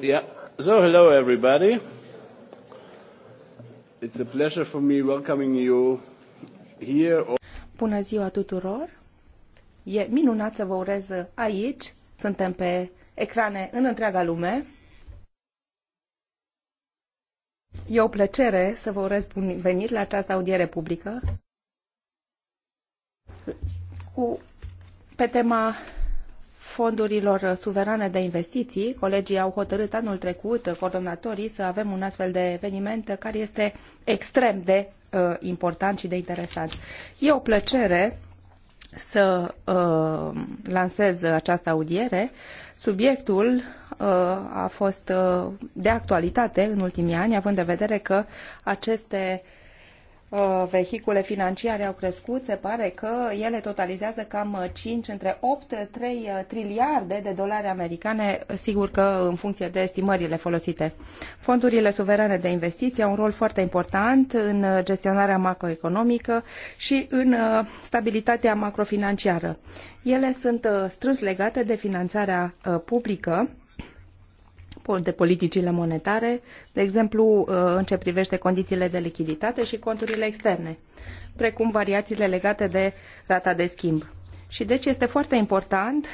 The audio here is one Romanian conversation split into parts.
Yeah. So, hello everybody. It's a pleasure for me welcoming you here. Bună ziua tuturor. E minunat să vă urez aici. Suntem pe ecrane în întreaga lume. E o plăcere să vă urez bun venit la această audiere publică cu, pe tema fondurilor suverane de investiții. Colegii au hotărât anul trecut, coordonatorii, să avem un astfel de eveniment care este extrem de uh, important și de interesant. E o plăcere să uh, lansez această audiere. Subiectul uh, a fost uh, de actualitate în ultimii ani, având de vedere că aceste uh, Uh, vehicule financiare au crescut, se pare că ele totalizează cam 5, uh, între 8, 3 uh, triliarde de dolari americane, sigur că în funcție de estimările folosite. Fondurile suverane de investiții au un rol foarte important în gestionarea macroeconomică și în stabilitatea macrofinanciară. Ele sunt strâns legate de finanțarea publică, de politicile monetare, de exemplu uh, în ce privește condițiile de lichiditate și conturile externe, precum variațiile legate de rata de schimb. Și deci este foarte important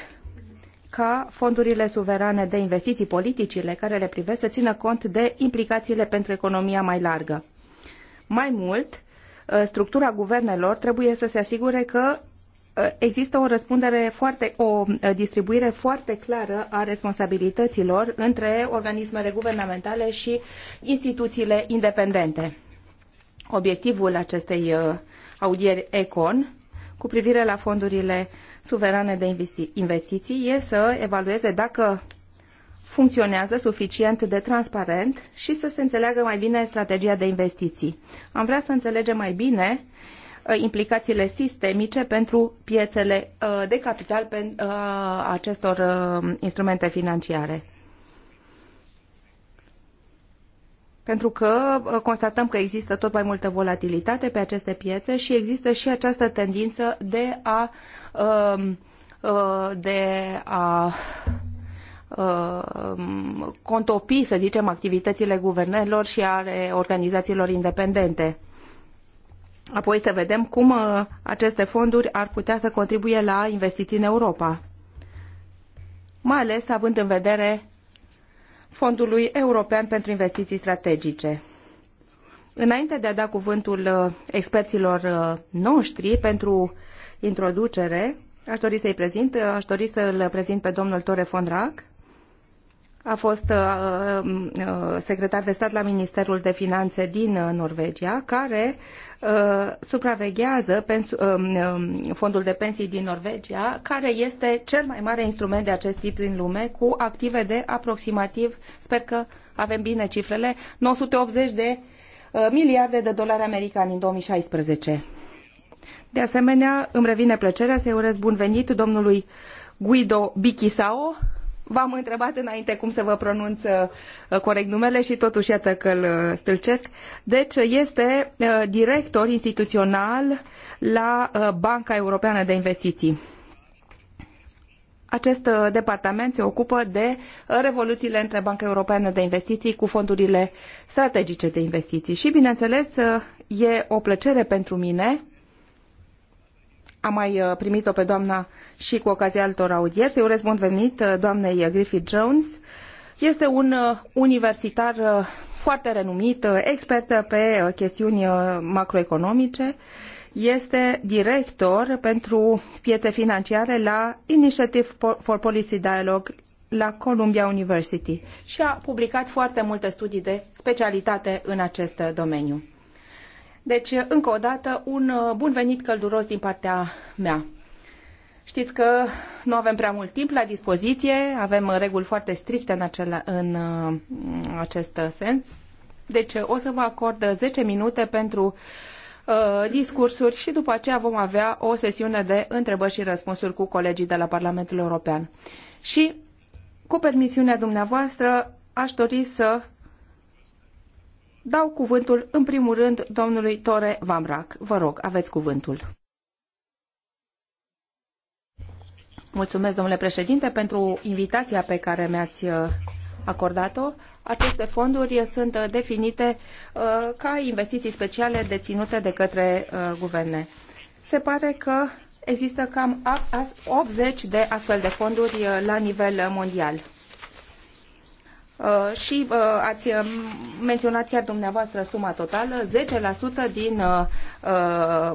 ca fondurile suverane de investiții, politicile care le privesc, să țină cont de implicațiile pentru economia mai largă. Mai mult, uh, structura guvernelor trebuie să se asigure că există o răspundere foarte, o distribuire foarte clară a responsabilităților între organismele guvernamentale și instituțiile independente. Obiectivul acestei uh, audieri ECON cu privire la fondurile suverane de investiții e să evalueze dacă funcționează suficient de transparent și să se înțeleagă mai bine strategia de investiții. Am vrea să înțelegem mai bine uh, Uh, implicațiile sistemice pentru piețele uh, de capital uh, acestor instrumente financiare. pentru că constatăm că există tot mai multă volatilitate pe aceste piețe și există și această tendință de a um, de a um, contopi, să zicem, activitățile guvernelor și ale organizațiilor independente. Apoi să vedem cum uh, aceste fonduri ar putea să contribuie la investiții în Europa, mai ales având în vedere Fondului European pentru Investiții Strategice. Înainte de a da cuvântul uh, experților uh, noștri pentru introducere, aș dori să-i prezint, aș dori să-l prezint pe domnul Tore Fondrac, a fost uh, uh, uh, secretar de stat la Ministerul de Finanțe din Norvegia, care supraveghează um, um, fondul de pensii din Norvegia, care este cel mai mare instrument de acest tip din lume, cu active de aproximativ, sper că avem bine cifrele, 980 de miliarde de dolari americani în 2016. De asemenea, îmi revine plăcerea să-i urez bun venit domnului Guido Bichisao, V-am întrebat înainte cum să vă pronunț uh, corect numele și totuși iată că îl uh, stâlcesc. Deci uh, este director instituțional la Banca Europeană de Investiții. Acest departament se ocupă de revoluțiile între Banca Europeană de Investiții cu fondurile strategice de investiții. Și, bineînțeles, e o plăcere pentru mine am mai uh, primit-o pe doamna și cu ocazia altor audieri. Să-i urez bun venit uh, doamnei Griffith Jones. Este un uh, universitar foarte renumit, expert pe chestiuni macroeconomice. Este director pentru piețe financiare la Initiative for Policy Dialogue la Columbia University și a publicat foarte multe studii de specialitate în acest domeniu. Deci, încă o dată, un uh, bun venit călduros din partea mea. Știți că nu avem prea mult timp la dispoziție, avem reguli foarte stricte în, acel, în uh, acest sens. Deci o să vă acord 10 minute pentru uh, discursuri și după aceea vom avea o sesiune de întrebări și răspunsuri cu colegii de la Parlamentul European. Și, cu permisiunea dumneavoastră, aș dori să dau cuvântul în primul rând domnului Tore Vamrac. Vă rog, aveți cuvântul. Mulțumesc, domnule președinte, pentru invitația pe care mi-ați uh, acordat-o. Aceste fonduri sunt uh, definite uh, ca investiții speciale deținute de către guverne. Se pare că există cam 80 de astfel de fonduri la nivel mondial. Uh, și uh, ați uh, menționat chiar dumneavoastră suma totală, 10% din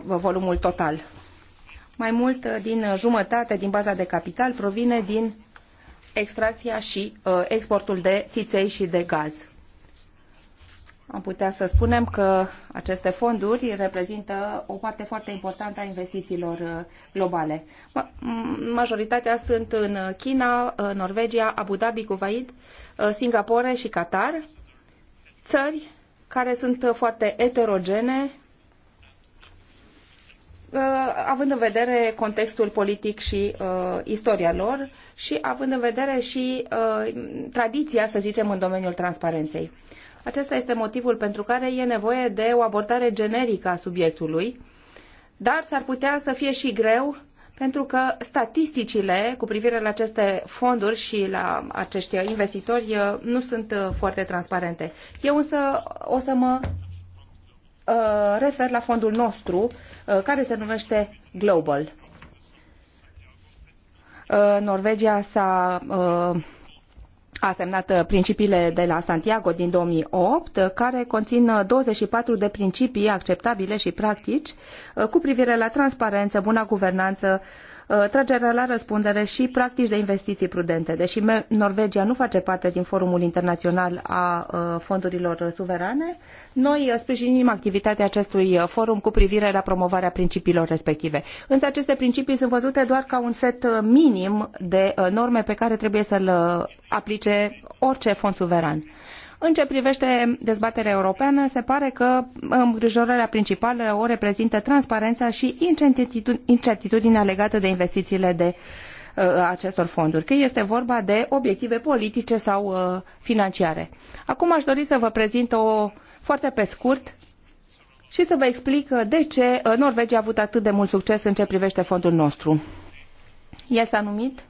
volumul total. Mai mult din jumătate din baza de capital provine din extracția și exportul de țiței și de gaz am putea să spunem că aceste fonduri reprezintă o parte foarte importantă a investițiilor uh, globale. Majoritatea sunt în China, uh, Norvegia, Abu Dhabi, Kuwait, uh, Singapore și Qatar, țări care sunt foarte eterogene, având în vedere contextul politic și uh, istoria lor și având în vedere și uh, tradiția, să zicem, în domeniul transparenței. Acesta este motivul pentru care e nevoie de o abordare generică a subiectului, dar s-ar putea să fie și greu pentru că statisticile cu privire la aceste fonduri și la acești investitori uh, nu sunt uh, foarte transparente. Eu însă o să mă uh, refer la fondul nostru care se numește Global. Norvegia s-a a semnat uh, principiile de la Santiago din 2008, uh, care conțin 24 uh, de principii acceptabile și practici cu privire la transparență, buna guvernanță, Uh, tragerea la răspundere și practici de investiții prudente. Deși Norvegia nu face parte din forumul internațional a uh, fondurilor suverane, noi uh, sprijinim activitatea acestui forum cu privire la promovarea principiilor respective. Însă aceste principii sunt văzute doar ca un set minim de norme pe care trebuie să-l aplice orice fond suveran. În ce privește dezbaterea europeană, se pare că îngrijorarea principală o reprezintă transparența și incertitudinea legată de investițiile de uh, acestor fonduri, că este vorba de obiective politice sau uh, financiare. Acum aș dori să vă prezint o foarte pe scurt și să vă explic de ce uh, Norvegia a avut atât de mult succes în ce privește fondul nostru. El s-a numit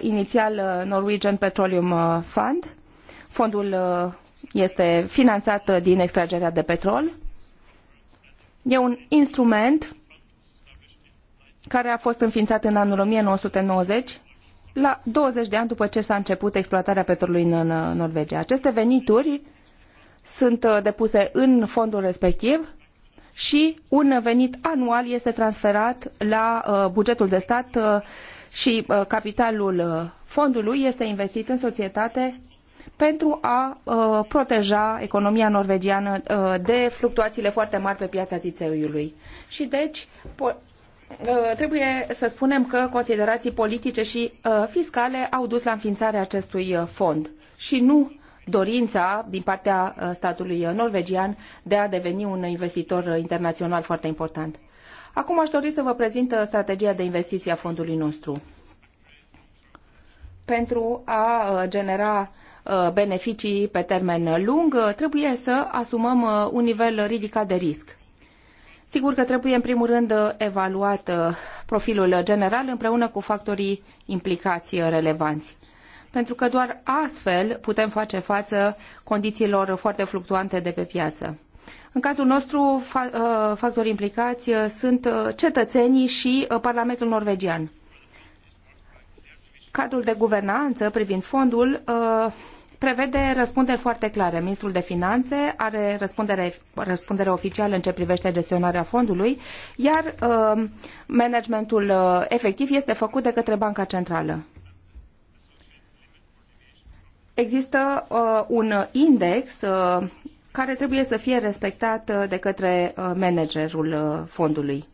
inițial Norwegian Petroleum Fund Fondul uh, este finanțat uh, din extragerea de petrol. E un instrument care a fost înființat în anul 1990, la 20 de ani după ce s-a început exploatarea petrolului în Norvegia. Aceste venituri sunt uh, depuse în fondul respectiv și un venit anual este transferat la bugetul de stat și capitalul fondului este investit în societate pentru a uh, proteja economia norvegiană uh, de fluctuațiile foarte mari pe piața țițeiului. Și deci uh, trebuie să spunem că considerații politice și fiscale au dus la înființarea acestui fond și nu dorința din partea statului norvegian de a deveni un investitor internațional foarte important. Acum aș dori să vă prezint strategia de investiție a fondului nostru pentru a genera Uh, beneficii pe termen lung, uh, trebuie să asumăm uh, un nivel ridicat de risc. Sigur că trebuie în primul rând evaluat profilul general împreună cu factorii implicați relevanți. Pentru că doar astfel putem face față condițiilor foarte fluctuante de pe piață. În cazul nostru, factorii implicați sunt cetățenii și Parlamentul norvegian. Cadrul de guvernanță privind fondul prevede răspunderi foarte clare. Ministrul de Finanțe are răspundere, răspundere oficială în ce privește gestionarea fondului, iar uh, managementul uh, efectiv este făcut de către Banca Centrală. Există uh, un index uh, care trebuie să fie respectat uh, de către uh, managerul uh, fondului.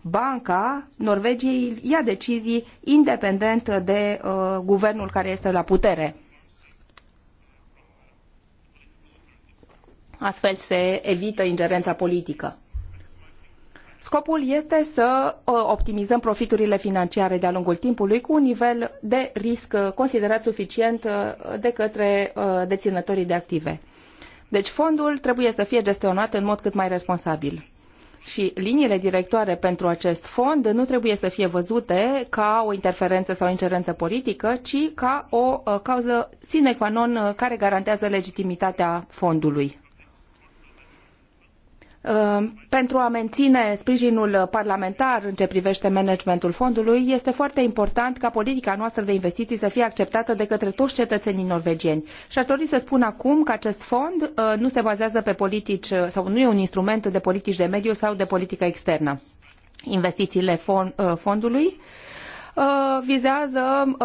Banca Norvegiei ia decizii independent de uh, guvernul care este la putere Astfel se evită ingerența politică. Scopul este să uh, optimizăm profiturile financiare de-a lungul timpului cu un nivel de risc uh, considerat suficient uh, de către deținătorii de active. Deci fondul trebuie să fie gestionat în mod cât mai responsabil. Și liniile directoare pentru acest fond nu trebuie să fie văzute ca o interferență sau o ingerență politică, ci ca o cauză sine qua non care garantează legitimitatea fondului. Uh, pentru a menține sprijinul parlamentar în ce privește managementul fondului, este foarte important ca politica noastră de investiții să fie acceptată de către toți cetățenii norvegieni. Și a dori să spun acum că acest fond uh, nu se bazează pe politici uh, sau nu e un instrument de politici de mediu sau de politică externă. Investițiile fondului vizează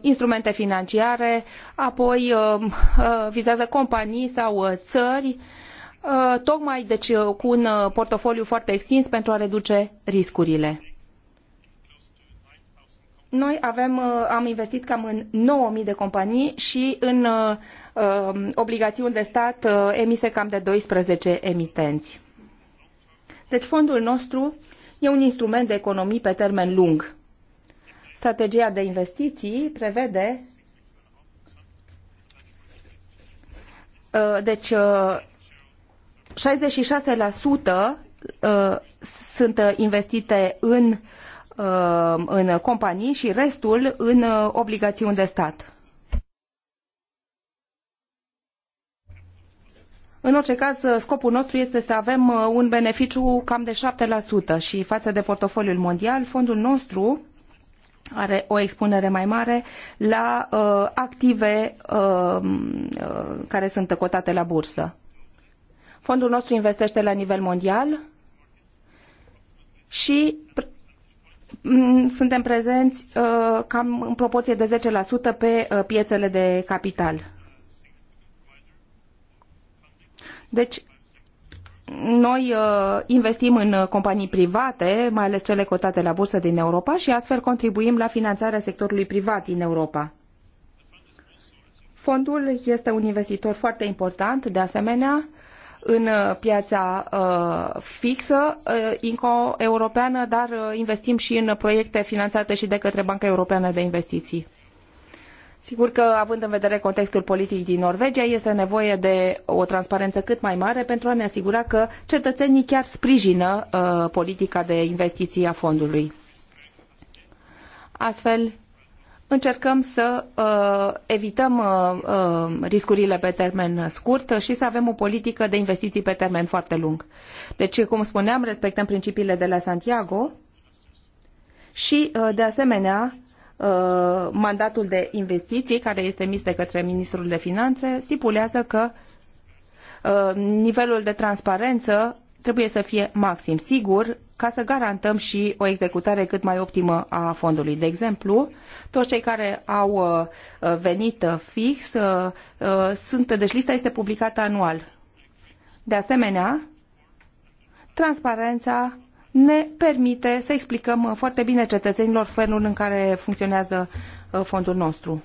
instrumente financiare, apoi vizează companii sau țări, uh, Uh, tocmai deci, uh, cu un uh, portofoliu foarte extins pentru a reduce riscurile. Noi avem, am investit cam în 9.000 de companii și în uh, um, obligațiuni de stat uh, emise cam de 12 emitenți. Deci fondul nostru e un instrument de economii pe termen lung. Strategia de investiții prevede uh, deci 66% uh, sunt uh, investite în, uh, în companii și restul în obligațiuni de stat. În orice caz, scopul nostru este să avem un beneficiu cam de 7% și față de portofoliul mondial, fondul nostru are o expunere mai mare la uh, active uh, care sunt cotate la bursă. Fondul nostru investește la nivel mondial și suntem prezenți uh, cam în proporție de 10% pe uh, piețele de capital. Deci, noi uh, investim în companii private, mai ales cele cotate la bursă din Europa și astfel contribuim la finanțarea sectorului privat din Europa. Fondul este un investitor foarte important, de asemenea, în uh, piața uh, fixă uh, inco europeană, dar investim și în proiecte finanțate și de către Banca Europeană de Investiții. Sigur că, având în vedere contextul politic din Norvegia, este nevoie de o transparență cât mai mare pentru a ne asigura că cetățenii chiar sprijină uh, politica de investiții a fondului. Astfel, încercăm să uh, evităm uh, uh, riscurile pe termen scurt și să avem o politică de investiții pe termen foarte lung. Deci, cum spuneam, respectăm principiile de la Santiago și, uh, de asemenea, uh, mandatul de investiții care este emis de către Ministrul de Finanțe stipulează că uh, nivelul de transparență trebuie să fie maxim sigur ca să garantăm și o executare cât mai optimă a fondului. De exemplu, toți cei care au uh, venit uh, fix uh, sunt, deci lista este publicată anual. De asemenea, transparența ne permite să explicăm foarte bine cetățenilor felul în care funcționează fondul nostru.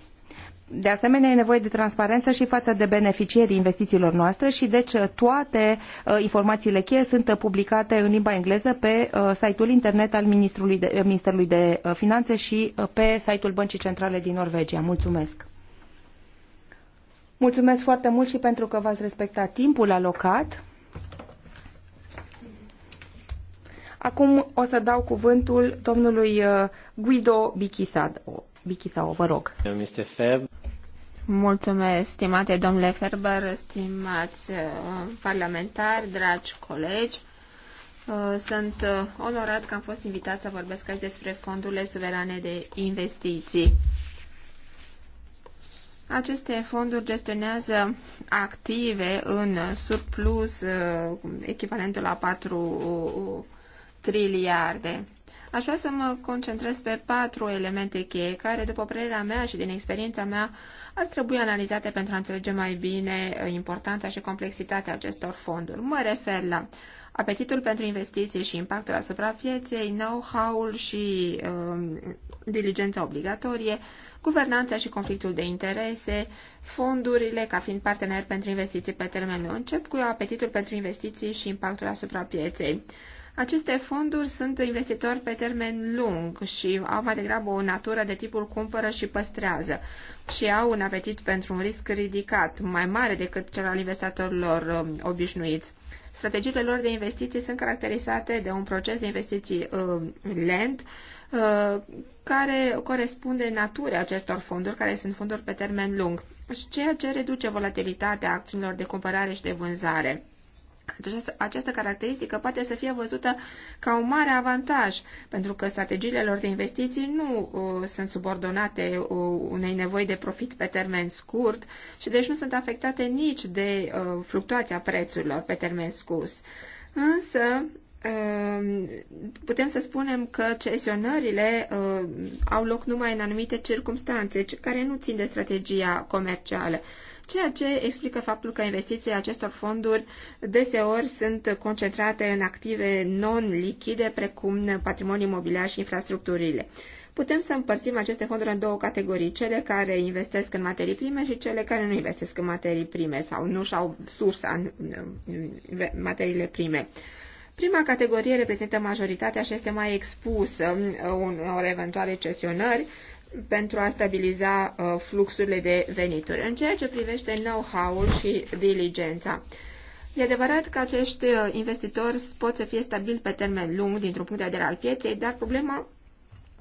De asemenea, e nevoie de transparență și față de beneficierii investițiilor noastre și deci toate uh, informațiile cheie sunt publicate în limba engleză pe uh, site-ul internet al Ministrului de, uh, Ministerului de Finanțe și pe site-ul Băncii Centrale din Norvegia. Mulțumesc! Mulțumesc foarte mult și pentru că v-ați respectat timpul alocat. Acum o să dau cuvântul domnului Guido Bichisad. Bichisao, vă rog. Mr. Feb. Mulțumesc, stimate domnule Ferber, stimați uh, parlamentari, dragi colegi. Uh, sunt uh, onorat că am fost invitat să vorbesc aici despre fondurile suverane de investiții. Aceste fonduri gestionează active în surplus echivalentul la 4 triliarde. Aș vrea să mă concentrez pe patru elemente cheie care, după părerea mea și din experiența mea, ar trebui analizate pentru a înțelege mai bine uh, importanța și complexitatea acestor fonduri. Mă refer la apetitul pentru investiții și impactul asupra pieței, know-how-ul și um, diligența obligatorie, guvernanța și conflictul de interese, fondurile ca fiind partener pentru investiții pe termen lung, încep cu apetitul pentru investiții și impactul asupra pieței. Aceste fonduri sunt investitori pe termen lung și au mai degrabă o natură de tipul cumpără și păstrează și au un apetit pentru un risc ridicat, mai mare decât cel al investitorilor um, obișnuiți. Strategiile lor de investiții sunt caracterizate de un proces de investiții uh, lent, uh, care corespunde naturii acestor fonduri, care sunt fonduri pe termen lung, ceea ce reduce volatilitatea acțiunilor de cumpărare și de vânzare. Această caracteristică poate să fie văzută ca un mare avantaj, pentru că strategiile lor de investiții nu uh, sunt subordonate uh, unei nevoi de profit pe termen scurt și deci nu sunt afectate nici de uh, fluctuația prețurilor pe termen scurs. Însă, putem să spunem că cesionările au loc numai în anumite circunstanțe care nu țin de strategia comercială, ceea ce explică faptul că investițiile acestor fonduri deseori sunt concentrate în active non-lichide, precum patrimoniul imobiliar și infrastructurile. Putem să împărțim aceste fonduri în două categorii, cele care investesc în materii prime și cele care nu investesc în materii prime sau nu și-au sursa în materiile prime. Prima categorie reprezintă majoritatea și este mai expusă um, unor eventuale cesionări pentru a stabiliza uh, fluxurile de venituri. În ceea ce privește know-how-ul și diligența, E adevărat că acești uh, investitori pot să fie stabili pe termen lung dintr-un punct de vedere al pieței, dar problema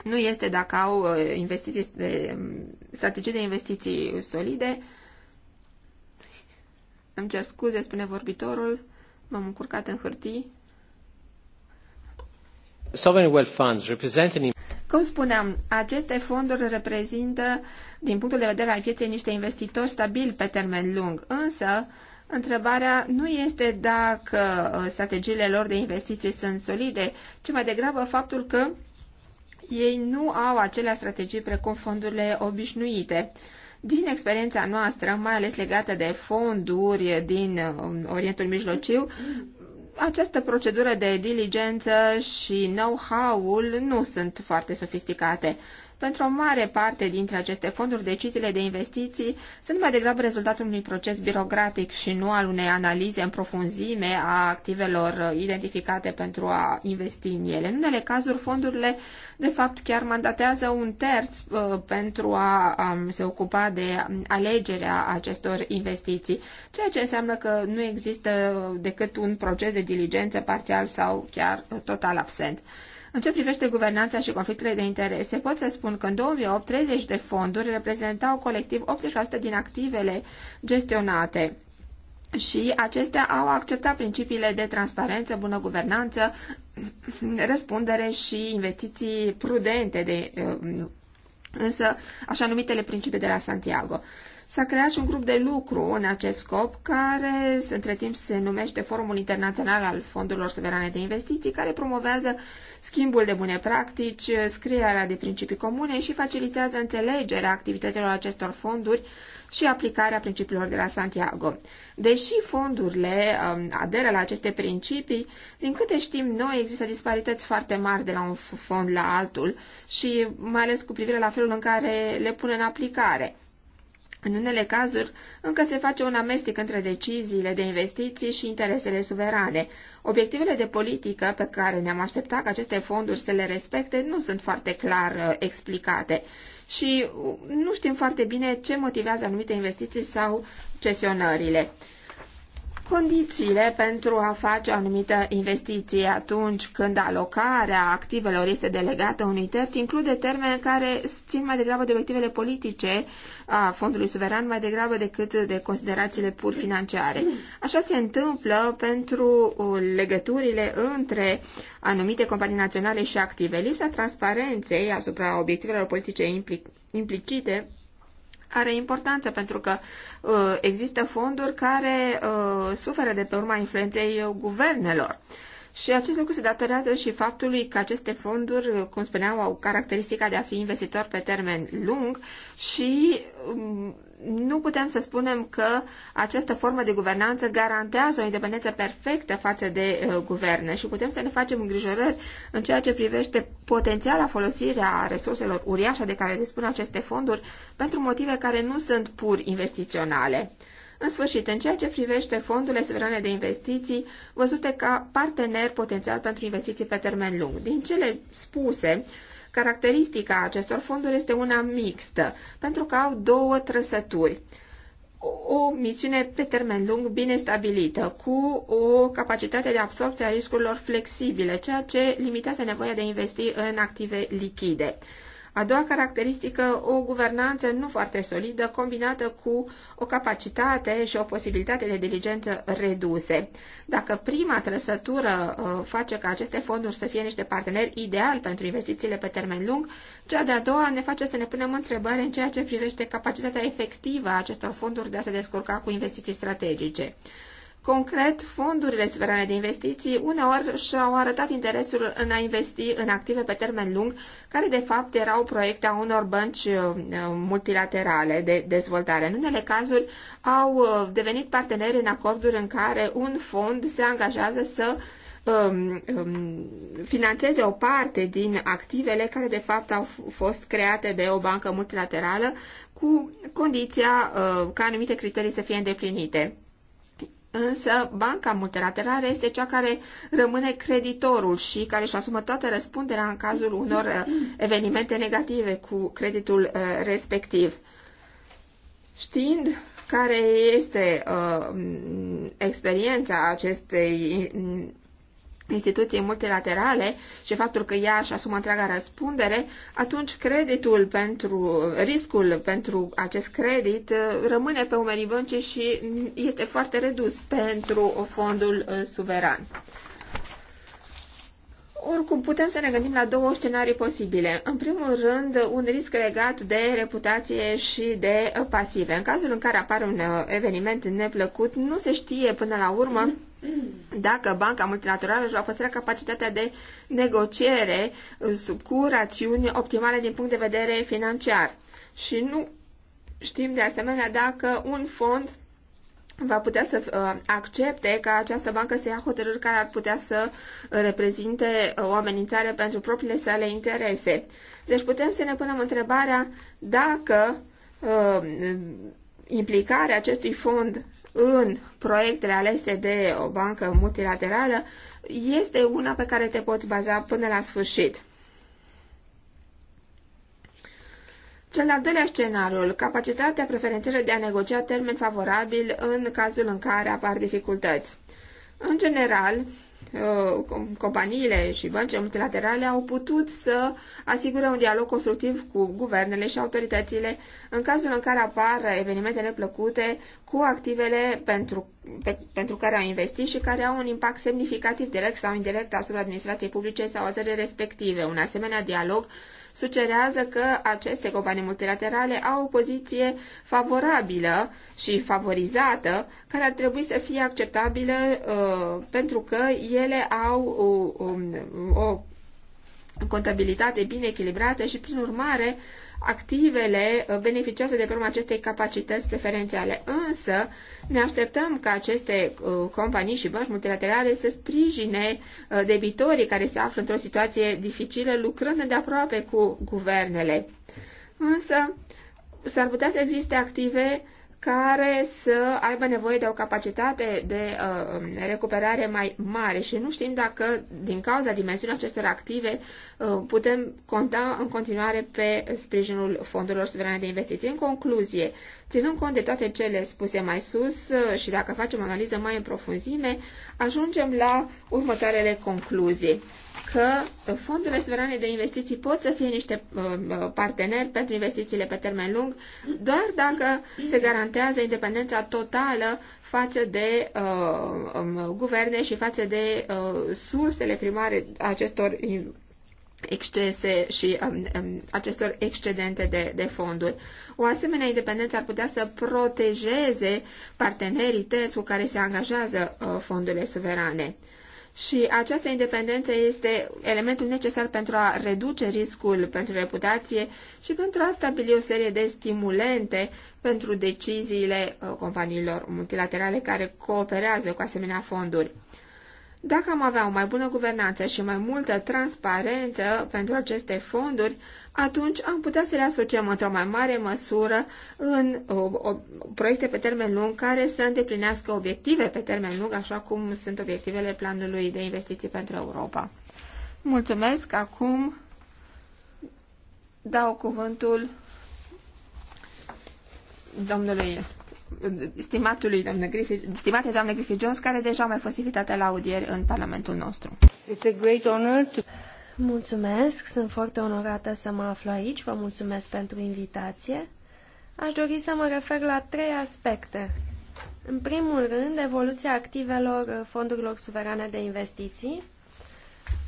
nu este dacă au uh, investiții, um, strategii de investiții solide. Îmi cer scuze, spune vorbitorul, m-am încurcat în hârtii. Cum spuneam, aceste fonduri reprezintă, din punctul de vedere al pieței, niște investitori stabili pe termen lung, însă Întrebarea nu este dacă uh, strategiile lor de investiții sunt solide, ci mai degrabă faptul că ei nu au acelea strategii precum fondurile obișnuite. Din experiența noastră, mai ales legată de fonduri din uh, Orientul Mijlociu, această procedură de diligență și know-how-ul nu sunt foarte sofisticate. Pentru o mare parte dintre aceste fonduri, deciziile de investiții sunt mai degrabă rezultatul unui proces birocratic și nu al unei analize în profunzime a activelor identificate pentru a investi în ele. În unele cazuri, fondurile, de fapt, chiar mandatează un terț uh, pentru a um, se ocupa de alegerea acestor investiții, ceea ce înseamnă că nu există decât un proces de diligență parțial sau chiar total absent. În ce privește guvernanța și conflictele de interese, pot să spun că în 2008 30 de fonduri reprezentau colectiv 80% din activele gestionate și acestea au acceptat principiile de transparență, bună guvernanță, răspundere și investiții prudente, de, uh, însă așa numitele principii de la Santiago. S-a creat și un grup de lucru în acest scop, care între timp se numește Forumul Internațional al Fondurilor Suverane de Investiții, care promovează schimbul de bune practici, scrierea de principii comune și facilitează înțelegerea activităților acestor fonduri și aplicarea principiilor de la Santiago. Deși fondurile um, aderă la aceste principii, din câte știm noi, există disparități foarte mari de la un fond la altul și mai ales cu privire la felul în care le pun în aplicare. În unele cazuri, încă se face un amestec între deciziile de investiții și interesele suverane. Obiectivele de politică pe care ne-am așteptat ca aceste fonduri să le respecte nu sunt foarte clar uh, explicate și uh, nu știm foarte bine ce motivează anumite investiții sau cesionările condițiile pentru a face o anumită investiție atunci când alocarea activelor este delegată unui terț include termeni care țin mai degrabă de obiectivele politice a fondului suveran mai degrabă decât de considerațiile pur financiare. Așa se întâmplă pentru uh, legăturile între anumite companii naționale și active. Lipsa transparenței asupra obiectivelor politice implicite are importanță pentru că uh, există fonduri care uh, suferă de pe urma influenței guvernelor. Și acest lucru se datorează și faptului că aceste fonduri, cum spuneam, au caracteristica de a fi investitori pe termen lung și um, nu putem să spunem că această formă de guvernanță garantează o independență perfectă față de uh, guverne și putem să ne facem îngrijorări în ceea ce privește potențiala folosire a resurselor uriașe de care dispun aceste fonduri pentru motive care nu sunt pur investiționale. În sfârșit, în ceea ce privește fondurile suverane de investiții, văzute ca partener potențial pentru investiții pe termen lung. Din cele spuse, uh, Caracteristica acestor fonduri este una mixtă, pentru că au două trăsături. O, misiune pe termen lung bine stabilită, cu o capacitate de absorbție a riscurilor flexibile, ceea ce limitează nevoia de a investi în active lichide. A doua caracteristică, o guvernanță nu foarte solidă, combinată cu o capacitate și o posibilitate de diligență reduse. Dacă prima trăsătură uh, face ca aceste fonduri să fie niște parteneri ideal pentru investițiile pe termen lung, cea de-a doua ne face să ne punem întrebări în ceea ce privește capacitatea efectivă a acestor fonduri de a se descurca cu investiții strategice. Concret, fondurile suverane de investiții uneori și-au arătat interesul în a investi în active pe termen lung, care de fapt erau proiecte a unor bănci uh, multilaterale de dezvoltare. În unele cazuri au uh, devenit parteneri în acorduri în care un fond se angajează să um, um, financeze o parte din activele care de fapt au fost create de o bancă multilaterală cu condiția uh, ca anumite criterii să fie îndeplinite. Însă, banca multilaterală este cea care rămâne creditorul și care își asumă toată răspunderea în cazul unor uh, evenimente negative cu creditul uh, respectiv. Știind care este uh, experiența acestei instituției multilaterale și faptul că ea își asumă întreaga răspundere, atunci creditul pentru, riscul pentru acest credit uh, rămâne pe umerii băncii și este foarte redus pentru fondul uh, suveran. Oricum, putem să ne gândim la două scenarii posibile. În primul rând, un risc legat de reputație și de uh, pasive. În cazul în care apare un eveniment neplăcut, nu se știe până la urmă dacă banca multilaterală își va păstra capacitatea de negociere uh, cu rațiuni optimale din punct de vedere financiar. Și nu știm de asemenea dacă un fond va putea să uh, accepte ca această bancă să ia hotărâri care ar putea să reprezinte uh, o amenințare pentru propriile sale interese. Deci putem să ne punem întrebarea dacă implicarea acestui fond în proiectele alese de o bancă multilaterală este una pe care te poți baza până la sfârșit. Cel de-al doilea scenariu, capacitatea preferențială de a negocia termen favorabil în cazul în care apar dificultăți. În general, Uh, companiile și băncile multilaterale au putut să asigure un dialog constructiv cu guvernele și autoritățile în cazul în care apar evenimente neplăcute cu activele pentru, pe, pentru care au investit și care au un impact semnificativ direct sau indirect asupra administrației publice sau a țării respective. Un asemenea dialog sugerează că aceste companii multilaterale au o poziție favorabilă și favorizată care ar trebui să fie acceptabilă uh, pentru că ele au o, uh, o, um, o contabilitate bine echilibrată și, prin urmare, uh, activele uh, beneficiază de pe urma acestei capacități preferențiale. Însă ne așteptăm ca aceste uh, companii și bănci multilaterale să sprijine uh, debitorii care se află într-o situație dificilă lucrând de aproape cu guvernele. Însă s-ar putea să existe active care să aibă nevoie de o capacitate de uh, recuperare mai mare și nu știm dacă, din cauza dimensiunii acestor active, uh, putem conta în continuare pe sprijinul fondurilor suverane de investiții. În concluzie, ținând cont de toate cele spuse mai sus uh, și dacă facem analiză mai în profunzime, ajungem la următoarele concluzii că uh, fondurile suverane de investiții pot să fie niște uh, uh, parteneri pentru investițiile pe termen lung, doar dacă se garantează independența totală față de uh, um, guverne și față de uh, sursele primare acestor excese și um, um, acestor excedente de, de fonduri. O asemenea independență ar putea să protejeze partenerii terți cu care se angajează uh, fondurile suverane și această independență este elementul necesar pentru a reduce riscul pentru reputație și pentru a stabili o serie de stimulente pentru deciziile uh, companiilor multilaterale care cooperează cu asemenea fonduri. Dacă am avea o mai bună guvernanță și mai multă transparență pentru aceste fonduri, atunci am putea să le asociem într-o mai mare măsură în uh, o, proiecte pe termen lung care să îndeplinească obiective pe termen lung, așa cum sunt obiectivele planului de investiții pentru Europa. Mulțumesc. Acum dau cuvântul domnului stimatului doamne Griffith, stimate doamne Griffith Jones, care deja a mai fost invitată la audieri în Parlamentul nostru. It's a great honor to... Mulțumesc, sunt foarte onorată să mă aflu aici, vă mulțumesc pentru invitație. Aș dori să mă refer la trei aspecte. În primul rând, evoluția activelor fondurilor suverane de investiții.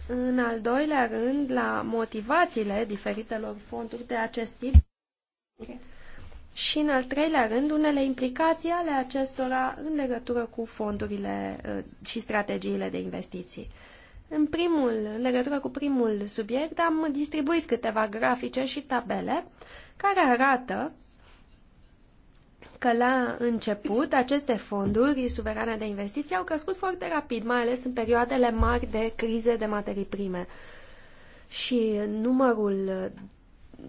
În al doilea rând, la motivațiile diferitelor fonduri de acest tip. Și în al treilea rând, unele implicații ale acestora în legătură cu fondurile uh, și strategiile de investiții. În primul, în legătură cu primul subiect, am distribuit câteva grafice și tabele care arată că la început aceste fonduri suverane de investiții au crescut foarte rapid, mai ales în perioadele mari de crize de materii prime. Și numărul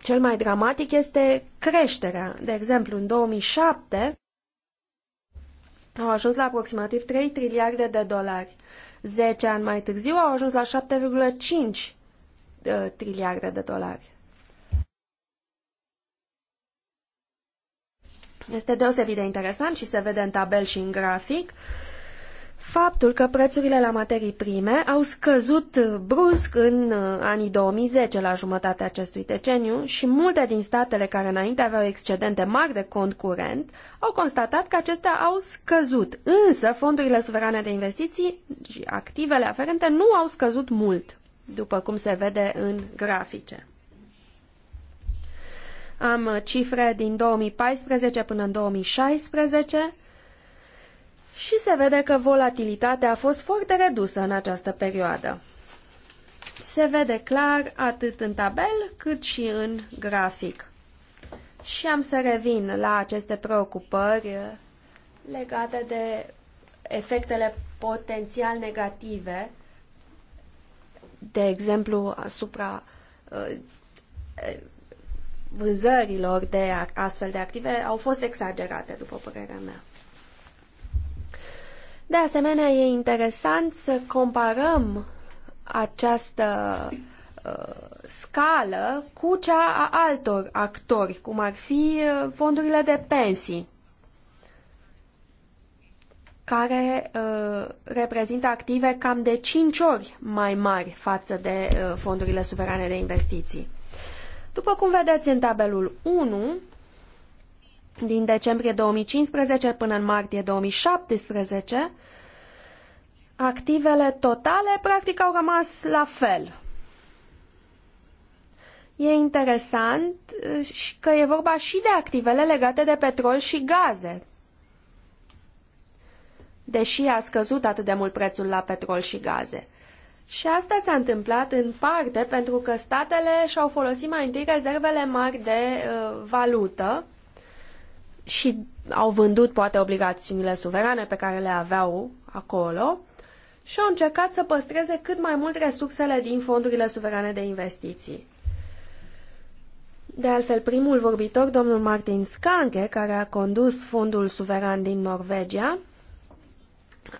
cel mai dramatic este creșterea. De exemplu, în 2007 au ajuns la aproximativ 3 triliarde de dolari. 10 ani mai târziu au ajuns la 7,5 uh, triliarde de dolari. Este deosebit de interesant și se vede în tabel și în grafic faptul că prețurile la materii prime au scăzut brusc în uh, anii 2010 la jumătatea acestui deceniu și multe din statele care înainte aveau excedente mari de cont curent au constatat că acestea au scăzut, însă fondurile suverane de investiții și activele aferente nu au scăzut mult, după cum se vede în grafice. Am uh, cifre din 2014 până în 2016 și se vede că volatilitatea a fost foarte redusă în această perioadă. Se vede clar atât în tabel cât și în grafic. Și am să revin la aceste preocupări legate de efectele potențial negative, de exemplu asupra uh, vânzărilor de astfel de active, au fost exagerate, după părerea mea. De asemenea, e interesant să comparăm această uh, scală cu cea a altor actori, cum ar fi uh, fondurile de pensii, care uh, reprezintă active cam de 5 ori mai mari față de uh, fondurile suverane de investiții. După cum vedeți în tabelul 1, din decembrie 2015 până în martie 2017, activele totale practic au rămas la fel. E interesant uh, că e vorba și de activele legate de petrol și gaze. Deși a scăzut atât de mult prețul la petrol și gaze. Și asta s-a întâmplat în parte pentru că statele și-au folosit mai întâi rezervele mari de uh, valută, uh, și au vândut poate obligațiunile suverane pe care le aveau acolo și au încercat să păstreze cât mai mult resursele din fondurile suverane de investiții. De altfel, primul vorbitor, domnul Martin Skanke, care a condus fondul suveran din Norvegia,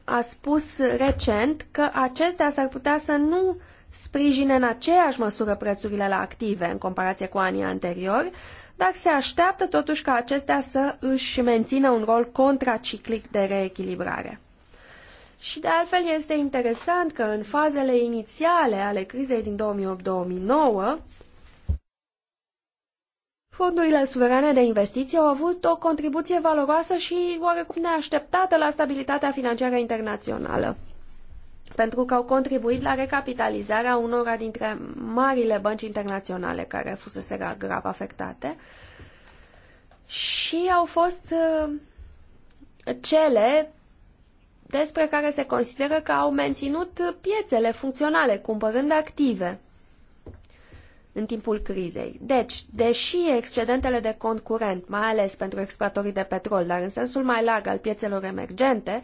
a spus recent că acestea s-ar putea să nu sprijine în aceeași măsură prețurile la active în comparație cu anii anteriori, dar se așteaptă totuși ca acestea să își mențină un rol contraciclic de reechilibrare. Și de altfel este interesant că în fazele inițiale ale crizei din 2008-2009, Fondurile suverane de investiții au avut o contribuție valoroasă și oarecum neașteptată la stabilitatea financiară internațională pentru că au contribuit la recapitalizarea unora dintre marile bănci internaționale care fusese grav afectate și au fost uh, cele despre care se consideră că au menținut piețele funcționale, cumpărând active în timpul crizei. Deci, deși excedentele de cont curent, mai ales pentru exploatorii de petrol, dar în sensul mai larg al piețelor emergente,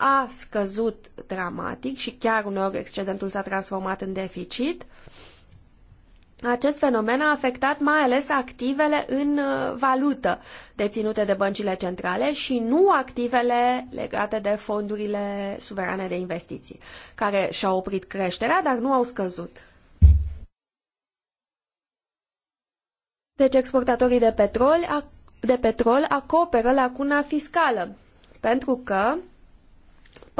a scăzut dramatic și chiar uneori excedentul s-a transformat în deficit. Acest fenomen a afectat mai ales activele în uh, valută deținute de băncile centrale și nu activele legate de fondurile suverane de investiții, care și-au oprit creșterea, dar nu au scăzut. Deci exportatorii de petrol, de petrol acoperă lacuna fiscală, pentru că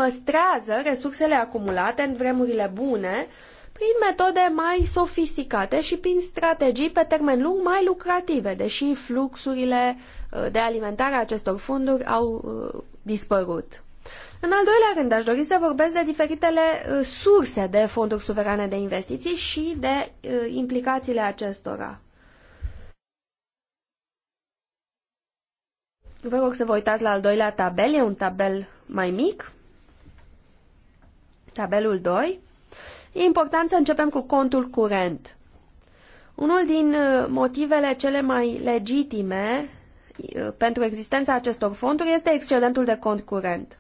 păstrează resursele acumulate în vremurile bune prin metode mai sofisticate și prin strategii pe termen lung mai lucrative, deși fluxurile uh, de alimentare a acestor fonduri au uh, dispărut. În al doilea rând, aș dori să vorbesc de diferitele uh, surse de fonduri suverane de investiții și de implicațiile acestora. Vă rog să vă uitați la al doilea tabel, e un tabel mai mic tabelul 2, e important să începem cu contul curent. Unul din uh, motivele cele mai legitime uh, pentru existența acestor fonduri este excedentul de cont curent.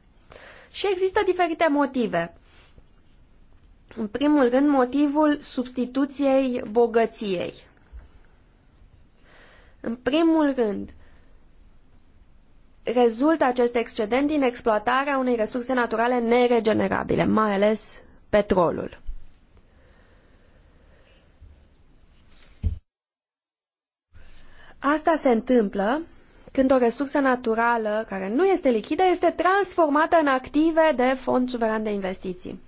Și există diferite motive. În primul rând, motivul substituției bogăției. În primul rând, rezultă acest excedent din exploatarea unei resurse naturale neregenerabile, mai ales petrolul. Asta se întâmplă când o resursă naturală care nu este lichidă este transformată în active de fond suveran de investiții.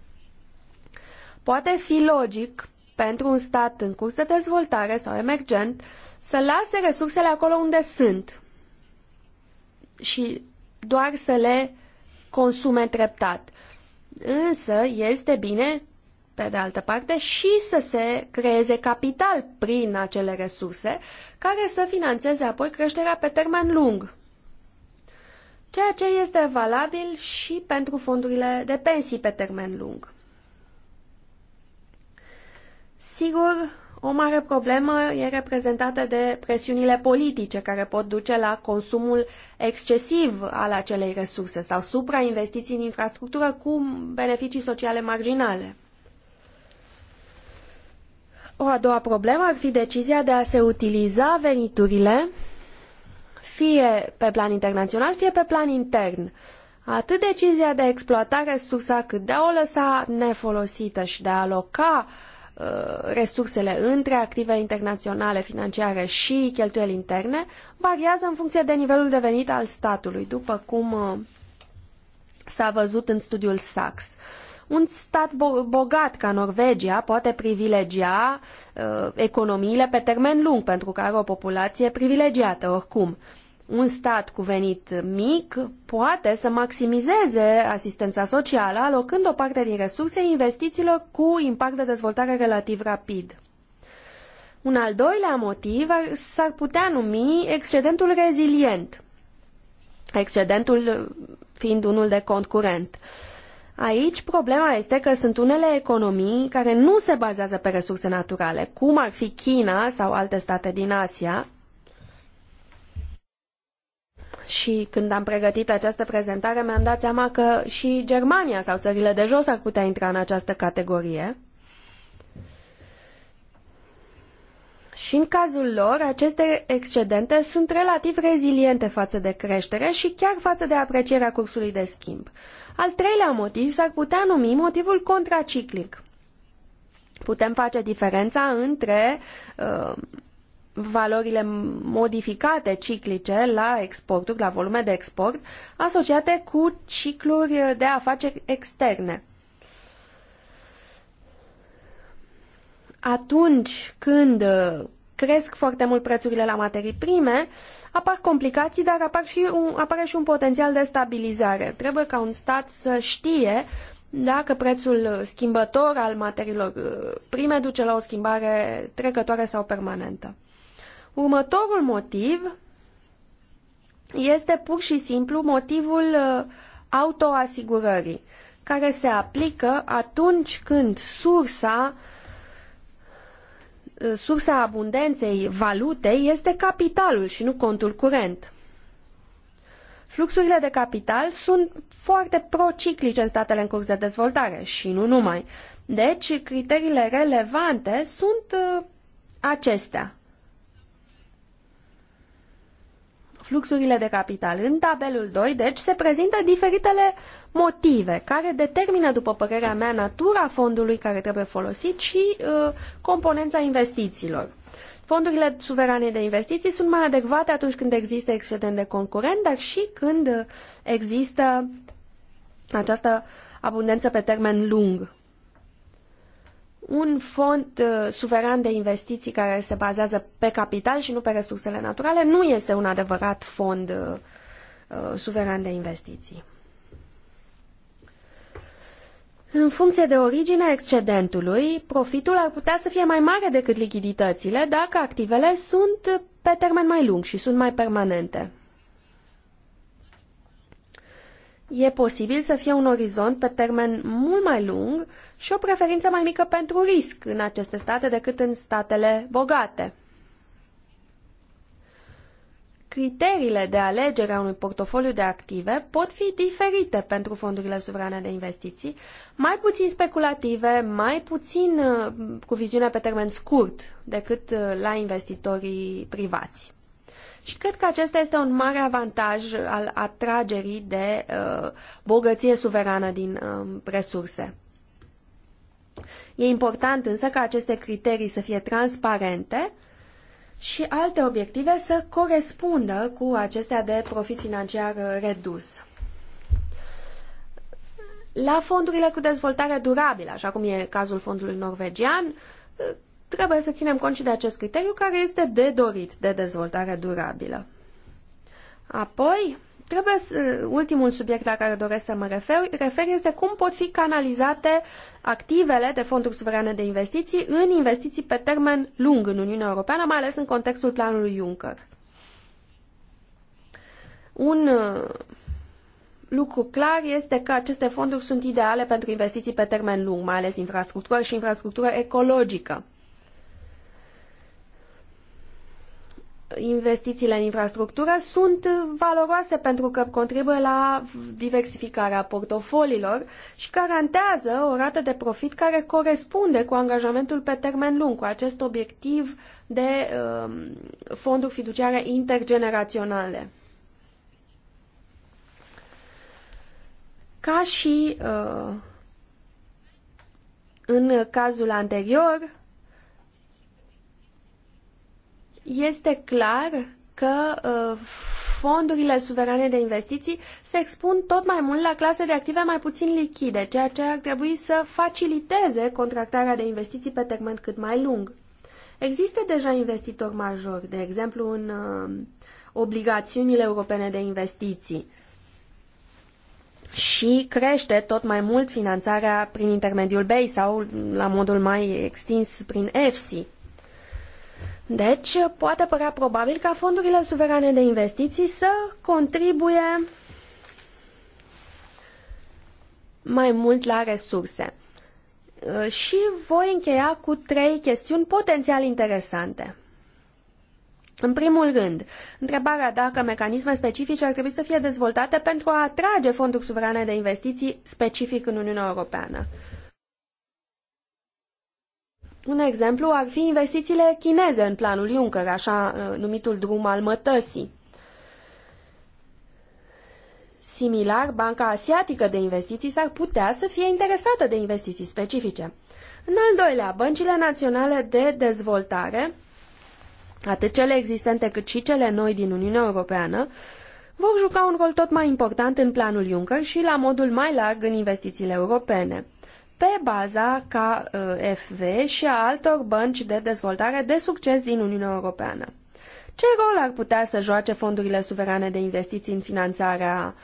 Poate fi logic pentru un stat în curs de dezvoltare sau emergent să lase resursele acolo unde sunt, și doar să le consume treptat. Însă este bine, pe de altă parte, și să se creeze capital prin acele resurse, care să financeze apoi creșterea pe termen lung. Ceea ce este valabil și pentru fondurile de pensii pe termen lung. Sigur, o mare problemă e reprezentată de presiunile politice care pot duce la consumul excesiv al acelei resurse sau suprainvestiții în infrastructură cu beneficii sociale marginale. O a doua problemă ar fi decizia de a se utiliza veniturile fie pe plan internațional, fie pe plan intern. Atât decizia de a exploata resursa cât de a o lăsa nefolosită și de a aloca uh, Uh, resursele între active internaționale financiare și cheltuieli interne variază în funcție de nivelul de venit al statului, după cum uh, s-a văzut în studiul Sachs. Un stat bogat ca Norvegia poate privilegia uh, economiile pe termen lung, pentru că are o populație privilegiată oricum un stat cu venit mic poate să maximizeze asistența socială, alocând o parte din resurse investițiilor cu impact de dezvoltare relativ rapid. Un al doilea motiv s-ar putea numi excedentul rezilient, excedentul fiind unul de cont curent. Aici problema este că sunt unele economii care nu se bazează pe resurse naturale, cum ar fi China sau alte state din Asia, și când am pregătit această prezentare mi-am dat seama că și Germania sau țările de jos ar putea intra în această categorie. Și în cazul lor, aceste excedente sunt relativ reziliente față de creștere și chiar față de aprecierea cursului de schimb. Al treilea motiv s-ar putea numi motivul contraciclic. Putem face diferența între uh, valorile modificate ciclice la exporturi, la volume de export, asociate cu cicluri de afaceri externe. Atunci când cresc foarte mult prețurile la materii prime, apar complicații, dar apar și un, apare și un potențial de stabilizare. Trebuie ca un stat să știe dacă prețul schimbător al materiilor uh, prime duce la o schimbare trecătoare sau permanentă. Următorul motiv este pur și simplu motivul uh, autoasigurării, care se aplică atunci când sursa uh, sursa abundenței valutei este capitalul și nu contul curent. Fluxurile de capital sunt foarte prociclice în statele în curs de dezvoltare și nu numai. Deci, criteriile relevante sunt uh, acestea. fluxurile de capital. În tabelul 2, deci, se prezintă diferitele motive care determină, după părerea mea, natura fondului care trebuie folosit și uh, componența investițiilor. Fondurile suverane de investiții sunt mai adecvate atunci când există excedent de concurent, dar și când uh, există această abundență pe termen lung un fond uh, suveran de investiții care se bazează pe capital și nu pe resursele naturale nu este un adevărat fond uh, uh, suveran de investiții. În funcție de originea excedentului, profitul ar putea să fie mai mare decât lichiditățile dacă activele sunt pe termen mai lung și sunt mai permanente. E posibil să fie un orizont pe termen mult mai lung și o preferință mai mică pentru risc în aceste state decât în statele bogate. Criteriile de alegere a unui portofoliu de active pot fi diferite pentru fondurile suverane de investiții, mai puțin speculative, mai puțin uh, cu viziune pe termen scurt decât uh, la investitorii privați. Și cred că acesta este un mare avantaj al atragerii de uh, bogăție suverană din uh, resurse. E important însă ca aceste criterii să fie transparente și alte obiective să corespundă cu acestea de profit financiar uh, redus. La fondurile cu dezvoltare durabilă, așa cum e cazul fondului norvegian, uh, Trebuie să ținem cont și de acest criteriu care este de dorit de dezvoltare durabilă. Apoi, trebuie să, ultimul subiect la care doresc să mă refer, refer este cum pot fi canalizate activele de fonduri suverane de investiții în investiții pe termen lung în Uniunea Europeană, mai ales în contextul planului Juncker. Un uh, lucru clar este că aceste fonduri sunt ideale pentru investiții pe termen lung, mai ales infrastructură și infrastructură ecologică. investițiile în infrastructură sunt valoroase pentru că contribuie la diversificarea portofoliilor și garantează o rată de profit care corespunde cu angajamentul pe termen lung, cu acest obiectiv de uh, fonduri fiduciare intergeneraționale. Ca și uh, în cazul anterior, este clar că uh, fondurile suverane de investiții se expun tot mai mult la clase de active mai puțin lichide, ceea ce ar trebui să faciliteze contractarea de investiții pe termen cât mai lung. Există deja investitori majori, de exemplu în uh, obligațiunile europene de investiții și crește tot mai mult finanțarea prin intermediul BEI sau la modul mai extins prin EFSI. Deci, poate părea probabil ca fondurile suverane de investiții să contribuie mai mult la resurse. Uh, și voi încheia cu trei chestiuni potențial interesante. În primul rând, întrebarea dacă mecanisme specifice ar trebui să fie dezvoltate pentru a atrage fonduri suverane de investiții specific în Uniunea Europeană. Uh, un exemplu ar fi investițiile chineze în planul Juncker, așa uh, numitul drum al mătăsii. Similar, Banca Asiatică de Investiții s-ar putea să fie interesată de investiții specifice. În al doilea, băncile naționale de dezvoltare, atât cele existente cât și cele noi din Uniunea Europeană, vor juca un rol tot mai important în planul Juncker și la modul mai larg în investițiile europene pe baza KFV uh, și a altor bănci de dezvoltare de succes din Uniunea Europeană. Ce rol ar putea să joace fondurile suverane de investiții în finanțarea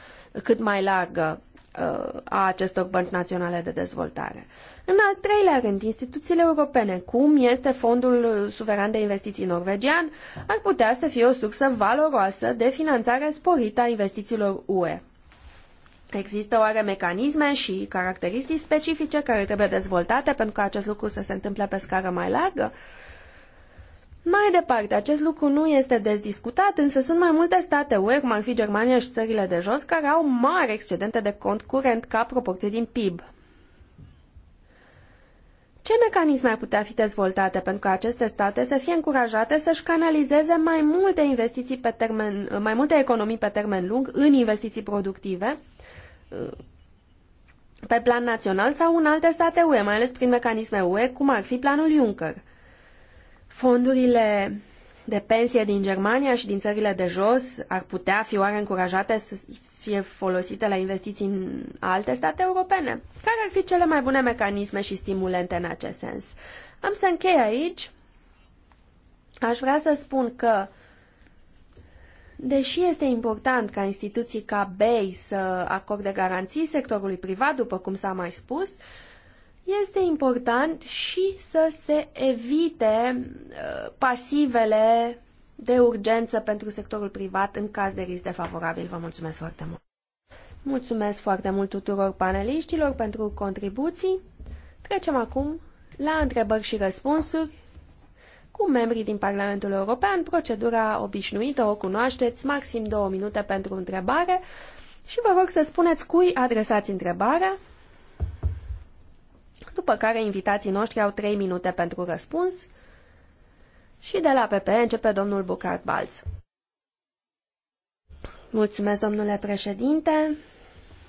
cât mai largă uh, a acestor bănci naționale de dezvoltare? În al treilea rând, instituțiile europene, cum este Fondul Suveran de Investiții Norvegian, ar putea să fie o sursă valoroasă de finanțare sporită a investițiilor UE. Există oare mecanisme și caracteristici specifice care trebuie dezvoltate pentru ca acest lucru să se întâmple pe scară mai largă? Mai departe, acest lucru nu este dezdiscutat, însă sunt mai multe state UE, cum ar fi Germania și țările de jos, care au mari excedente de cont curent ca proporție din PIB. Ce mecanisme ar putea fi dezvoltate pentru ca aceste state să fie încurajate să-și canalizeze mai multe investiții pe termen, mai multe economii pe termen lung în investiții productive, Uh, pe plan național sau în alte state UE, mai ales prin mecanisme UE, cum ar fi planul Juncker. Fondurile de pensie din Germania și din țările de jos ar putea fi oare încurajate să fie folosite la investiții în alte state europene? Care ar fi cele mai bune mecanisme și stimulente în acest sens? Am să închei aici. Aș vrea să spun că uh, Deși este important ca instituții ca BEI să acorde garanții sectorului privat, după cum s-a mai spus, este important și să se evite uh, pasivele de urgență pentru sectorul privat în caz de risc defavorabil. Vă mulțumesc foarte mult! Mulțumesc foarte mult tuturor paneliștilor pentru contribuții. Trecem acum la întrebări și răspunsuri cu membrii din Parlamentul European, procedura obișnuită, o cunoașteți, maxim două minute pentru întrebare și vă rog să spuneți cui adresați întrebarea, după care invitații noștri au trei minute pentru răspuns și de la PP începe domnul Bucart Balz. Mulțumesc, domnule președinte,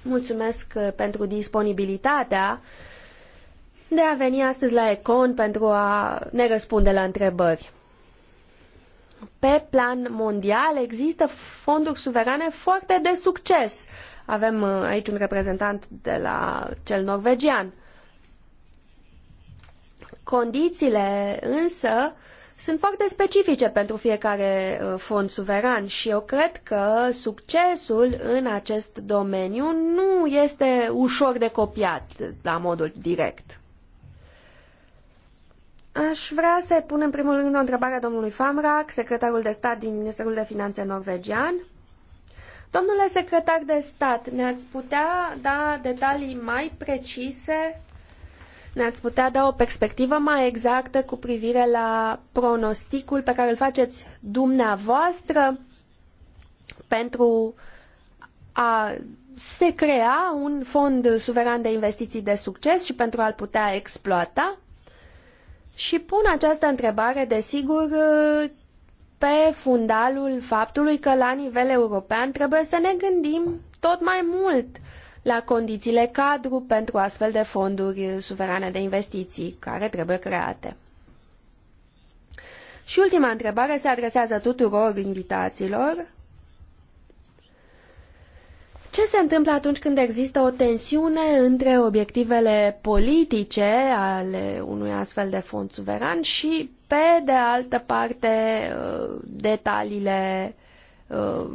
mulțumesc uh, pentru disponibilitatea de a veni astăzi la Econ pentru a ne răspunde la întrebări. Pe plan mondial există fonduri suverane foarte de succes. Avem uh, aici un reprezentant de la cel norvegian. Condițiile însă sunt foarte specifice pentru fiecare uh, fond suveran și eu cred că succesul în acest domeniu nu este ușor de copiat la modul direct. Aș vrea să pun în primul rând o întrebare a domnului Famrak, secretarul de stat din Ministerul de Finanțe norvegian. Domnule secretar de stat, ne-ați putea da detalii mai precise, ne-ați putea da o perspectivă mai exactă cu privire la pronosticul pe care îl faceți dumneavoastră pentru a se crea un fond suveran de investiții de succes și pentru a-l putea exploata? Și pun această întrebare, desigur, pe fundalul faptului că la nivel european trebuie să ne gândim tot mai mult la condițiile cadru pentru astfel de fonduri suverane de investiții care trebuie create. Și ultima întrebare se adresează tuturor invitaților. Ce se întâmplă atunci când există o tensiune între obiectivele politice ale unui astfel de fond suveran și, pe de altă parte, uh, detaliile uh,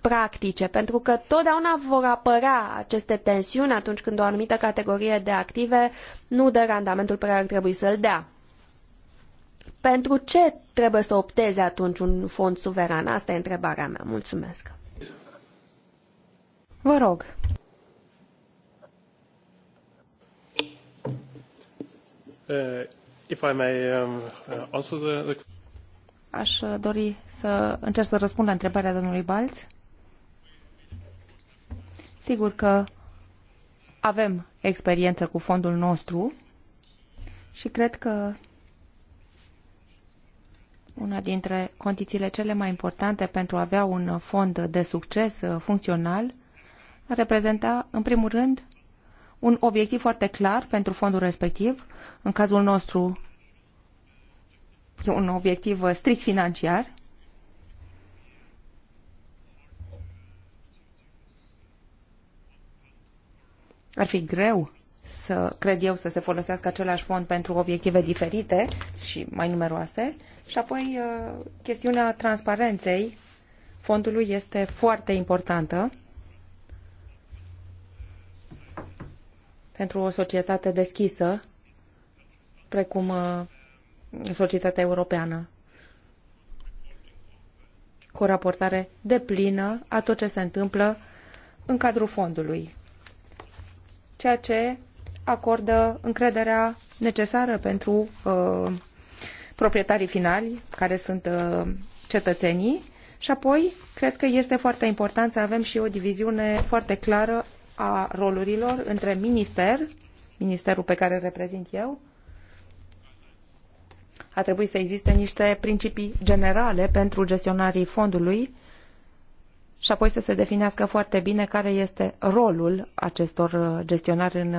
practice, pentru că totdeauna vor apărea aceste tensiuni atunci când o anumită categorie de active nu dă randamentul pe care ar trebui să-l dea. Pentru ce trebuie să opteze atunci un fond suveran? Asta e întrebarea mea. Mulțumesc. Vă rog. Uh, if I may, um, uh, also the, the... Aș uh, dori să încerc să răspund la întrebarea domnului Balț. Sigur că avem experiență cu fondul nostru și cred că una dintre condițiile cele mai importante pentru a avea un fond de succes funcțional reprezenta, în primul rând, un obiectiv foarte clar pentru fondul respectiv. În cazul nostru, e un obiectiv uh, strict financiar. Ar fi greu să cred eu să se folosească același fond pentru obiective diferite și mai numeroase. Și apoi uh, chestiunea transparenței fondului este foarte importantă. pentru o societate deschisă, precum uh, societatea europeană, cu o raportare deplină a tot ce se întâmplă în cadrul fondului, ceea ce acordă încrederea necesară pentru uh, proprietarii finali, care sunt uh, cetățenii, și apoi cred că este foarte important să avem și o diviziune foarte clară a rolurilor între minister, ministerul pe care îl reprezint eu, a trebuit să existe niște principii generale pentru gestionarii fondului și apoi să se definească foarte bine care este rolul acestor gestionari în,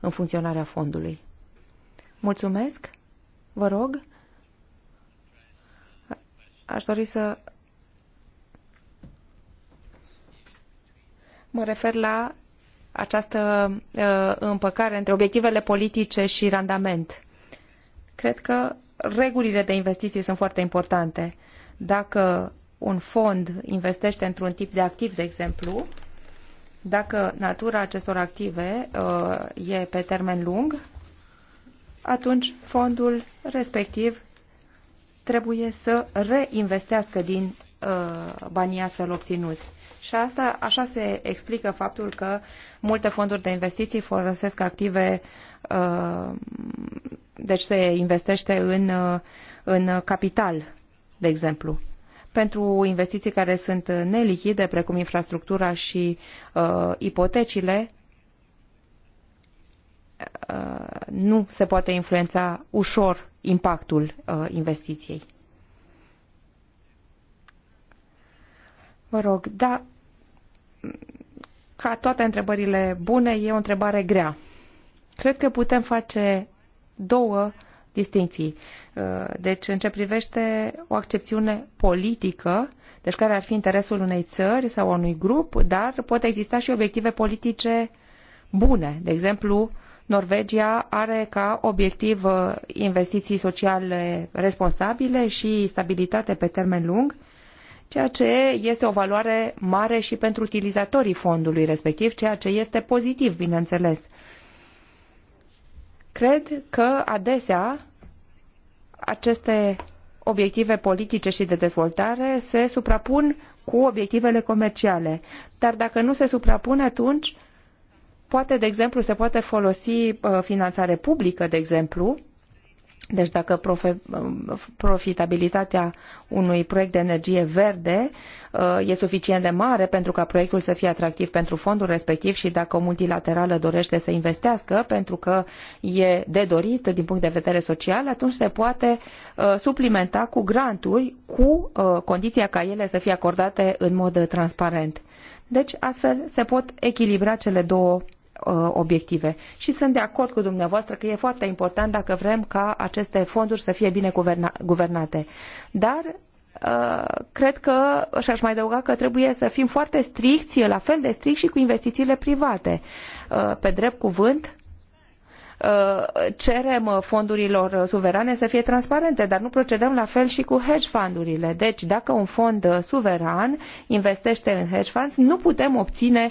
în funcționarea fondului. Mulțumesc! Vă rog! Aș dori să Mă refer la această uh, împăcare între obiectivele politice și randament. Cred că regulile de investiții sunt foarte importante. Dacă un fond investește într-un tip de activ, de exemplu, dacă natura acestor active uh, e pe termen lung, atunci fondul respectiv trebuie să reinvestească din uh, banii astfel obținuți. Și asta, așa se explică faptul că multe fonduri de investiții folosesc active, uh, deci se investește în, uh, în capital, de exemplu. Pentru investiții care sunt nelichide, precum infrastructura și uh, ipotecile, uh, nu se poate influența ușor impactul investiției. Vă rog, da, ca toate întrebările bune, e o întrebare grea. Cred că putem face două distinții. Uh, deci, în ce privește o accepțiune politică, deci care ar fi interesul unei țări sau unui grup, dar pot exista și obiective politice bune. De exemplu, Norvegia are ca obiectiv uh, investiții sociale responsabile și stabilitate pe termen lung, ceea ce este o valoare mare și pentru utilizatorii fondului respectiv, ceea ce este pozitiv, bineînțeles. Cred că adesea aceste obiective politice și de dezvoltare se suprapun cu obiectivele comerciale. Dar dacă nu se suprapun, atunci poate, de exemplu, se poate folosi uh, finanțare publică, de exemplu, deci dacă profitabilitatea unui proiect de energie verde uh, e suficient de mare pentru ca proiectul să fie atractiv pentru fondul respectiv și dacă o multilaterală dorește să investească pentru că e de dorit din punct de vedere social, atunci se poate uh, suplimenta cu granturi cu uh, condiția ca ele să fie acordate în mod transparent. Deci astfel se pot echilibra cele două Uh, obiective. Și sunt de acord cu dumneavoastră că e foarte important dacă vrem ca aceste fonduri să fie bine guverna guvernate. Dar uh, cred că, și aș mai adăuga că trebuie să fim foarte stricți, la fel de stricți și cu investițiile private. Uh, pe drept cuvânt, Uh, cerem uh, fondurilor uh, suverane să fie transparente, dar nu procedăm la fel și cu hedge fundurile. Deci, dacă un fond suveran investește în hedge funds, nu putem obține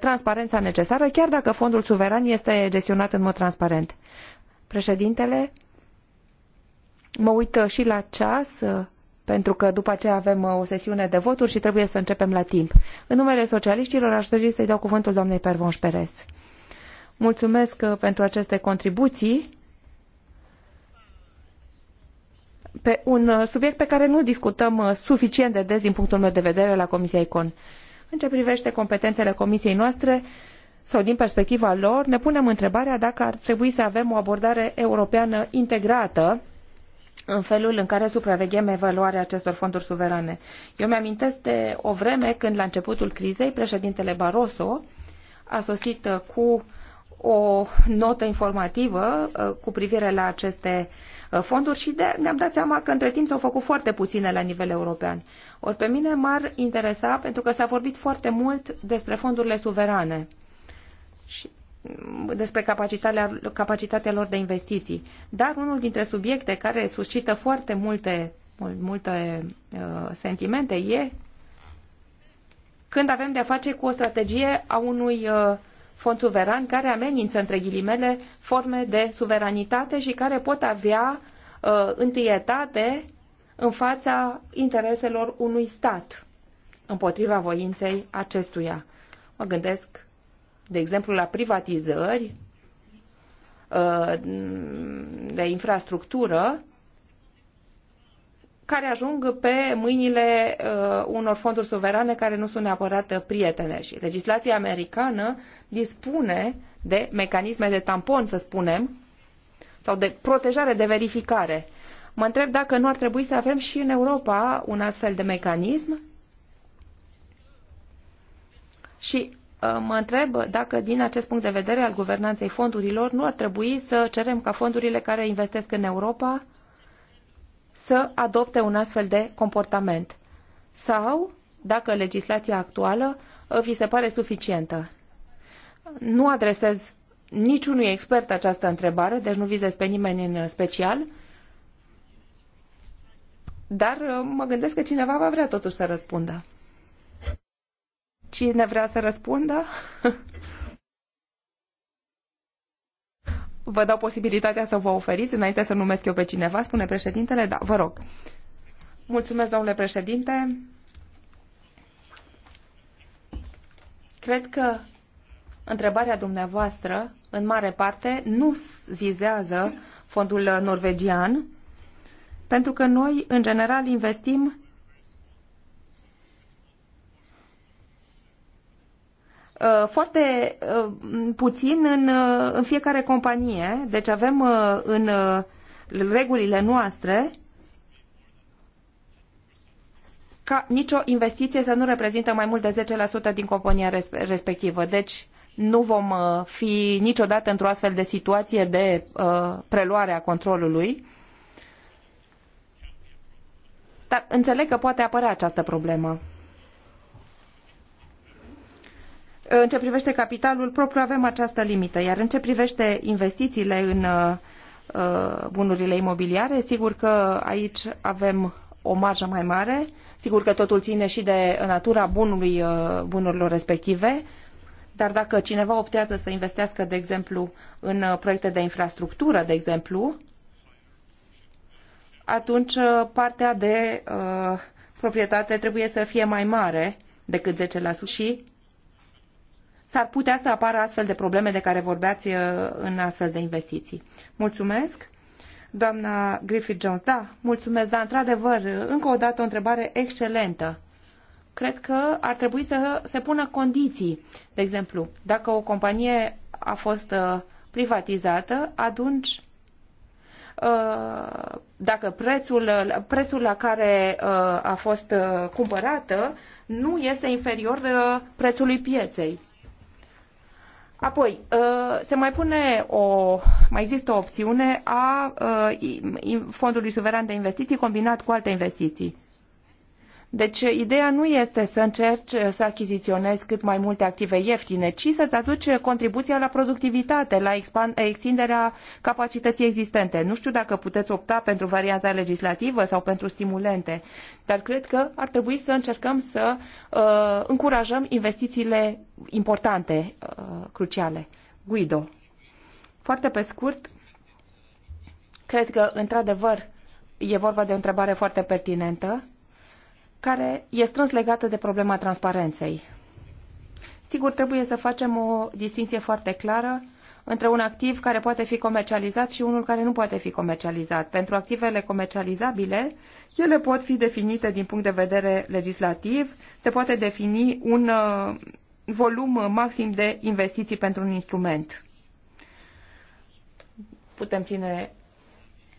transparența necesară, chiar dacă fondul suveran este gestionat în mod transparent. Președintele, mă uit și la ceas pentru că după aceea avem o sesiune de voturi și trebuie să începem la timp. În numele socialiștilor aș dori să-i dau cuvântul doamnei Pervonș Perez. Mulțumesc uh, pentru aceste contribuții pe un uh, subiect pe care nu discutăm uh, suficient de des din punctul meu de vedere la Comisia Econ. În ce privește competențele Comisiei noastre sau din perspectiva lor, ne punem întrebarea dacă ar trebui să avem o abordare europeană integrată în felul în care supraveghem evaluarea acestor fonduri suverane. Eu mi-amintesc de o vreme când, la începutul crizei, președintele Barroso a sosit cu o notă informativă uh, cu privire la aceste uh, fonduri și de, ne-am dat seama că între timp s-au făcut foarte puține la nivel european. Ori pe mine m-ar interesa, pentru că s-a vorbit foarte mult despre fondurile suverane și mm, despre capacitatea, capacitatea lor de investiții. Dar unul dintre subiecte care suscită foarte multe, multe uh, sentimente e când avem de-a face cu o strategie a unui uh, fond suveran care amenință, între ghilimele, forme de suveranitate și care pot avea uh, întâietate în fața intereselor unui stat, împotriva voinței acestuia. Mă gândesc, de exemplu, la privatizări uh, de infrastructură care ajung pe mâinile uh, unor fonduri suverane care nu sunt neapărat uh, prietene. Și legislația americană dispune de mecanisme de tampon, să spunem, sau de protejare, de verificare. Mă întreb dacă nu ar trebui să avem și în Europa un astfel de mecanism și uh, mă întreb dacă din acest punct de vedere al guvernanței fondurilor nu ar trebui să cerem ca fondurile care investesc în Europa să adopte un astfel de comportament? Sau, dacă legislația actuală uh, vi se pare suficientă? Nu adresez niciunui expert această întrebare, deci nu vizez pe nimeni în special, dar uh, mă gândesc că cineva va vrea totuși să răspundă. Cine vrea să răspundă? Vă dau posibilitatea să vă oferiți înainte să numesc eu pe cineva, spune președintele. Da, vă rog. Mulțumesc, domnule președinte. Cred că întrebarea dumneavoastră, în mare parte, nu vizează fondul norvegian, pentru că noi, în general, investim Uh, foarte uh, puțin în, uh, în fiecare companie. Deci avem în regulile noastre ca nicio investiție să nu reprezintă mai mult de 10% din compania respectivă. Deci nu vom fi niciodată într-o astfel de situație de preluare a controlului. Dar înțeleg că poate apărea această problemă. în ce privește capitalul propriu avem această limită, iar în ce privește investițiile în uh, uh, bunurile imobiliare, sigur că aici avem o marjă mai mare, sigur că totul ține și de natura bunului, uh, bunurilor respective, dar dacă cineva optează să investească, de exemplu, în proiecte de infrastructură, de exemplu, atunci partea de uh, proprietate trebuie să fie mai mare decât 10% și s-ar putea să apară astfel de probleme de care vorbeați uh, în astfel de investiții. Mulțumesc! Doamna Griffith-Jones, da, mulțumesc, da, într-adevăr, uh, încă o dată o întrebare excelentă cred că ar trebui să se pună condiții. De exemplu, dacă o companie a fost uh, privatizată, atunci dacă prețul, prețul la care a fost cumpărată nu este inferior prețului pieței. Apoi, uh, se mai pune o, mai există o opțiune a uh, fondului suveran de investiții combinat cu alte investiții. Deci, ideea nu este să încerci uh, să achiziționezi cât mai multe active ieftine, ci să-ți aduci uh, contribuția la productivitate, la extinderea capacității existente. Nu știu dacă puteți opta pentru varianta legislativă sau pentru stimulente, dar cred că ar trebui să încercăm să uh, încurajăm investițiile importante, uh, cruciale. Guido. Foarte pe scurt, cred că, într-adevăr, e vorba de o întrebare foarte pertinentă care e strâns legată de problema transparenței. Sigur, trebuie să facem o distinție foarte clară între un activ care poate fi comercializat și unul care nu poate fi comercializat. Pentru activele comercializabile, ele pot fi definite din punct de vedere legislativ, se poate defini un uh, volum maxim de investiții pentru un instrument. Putem ține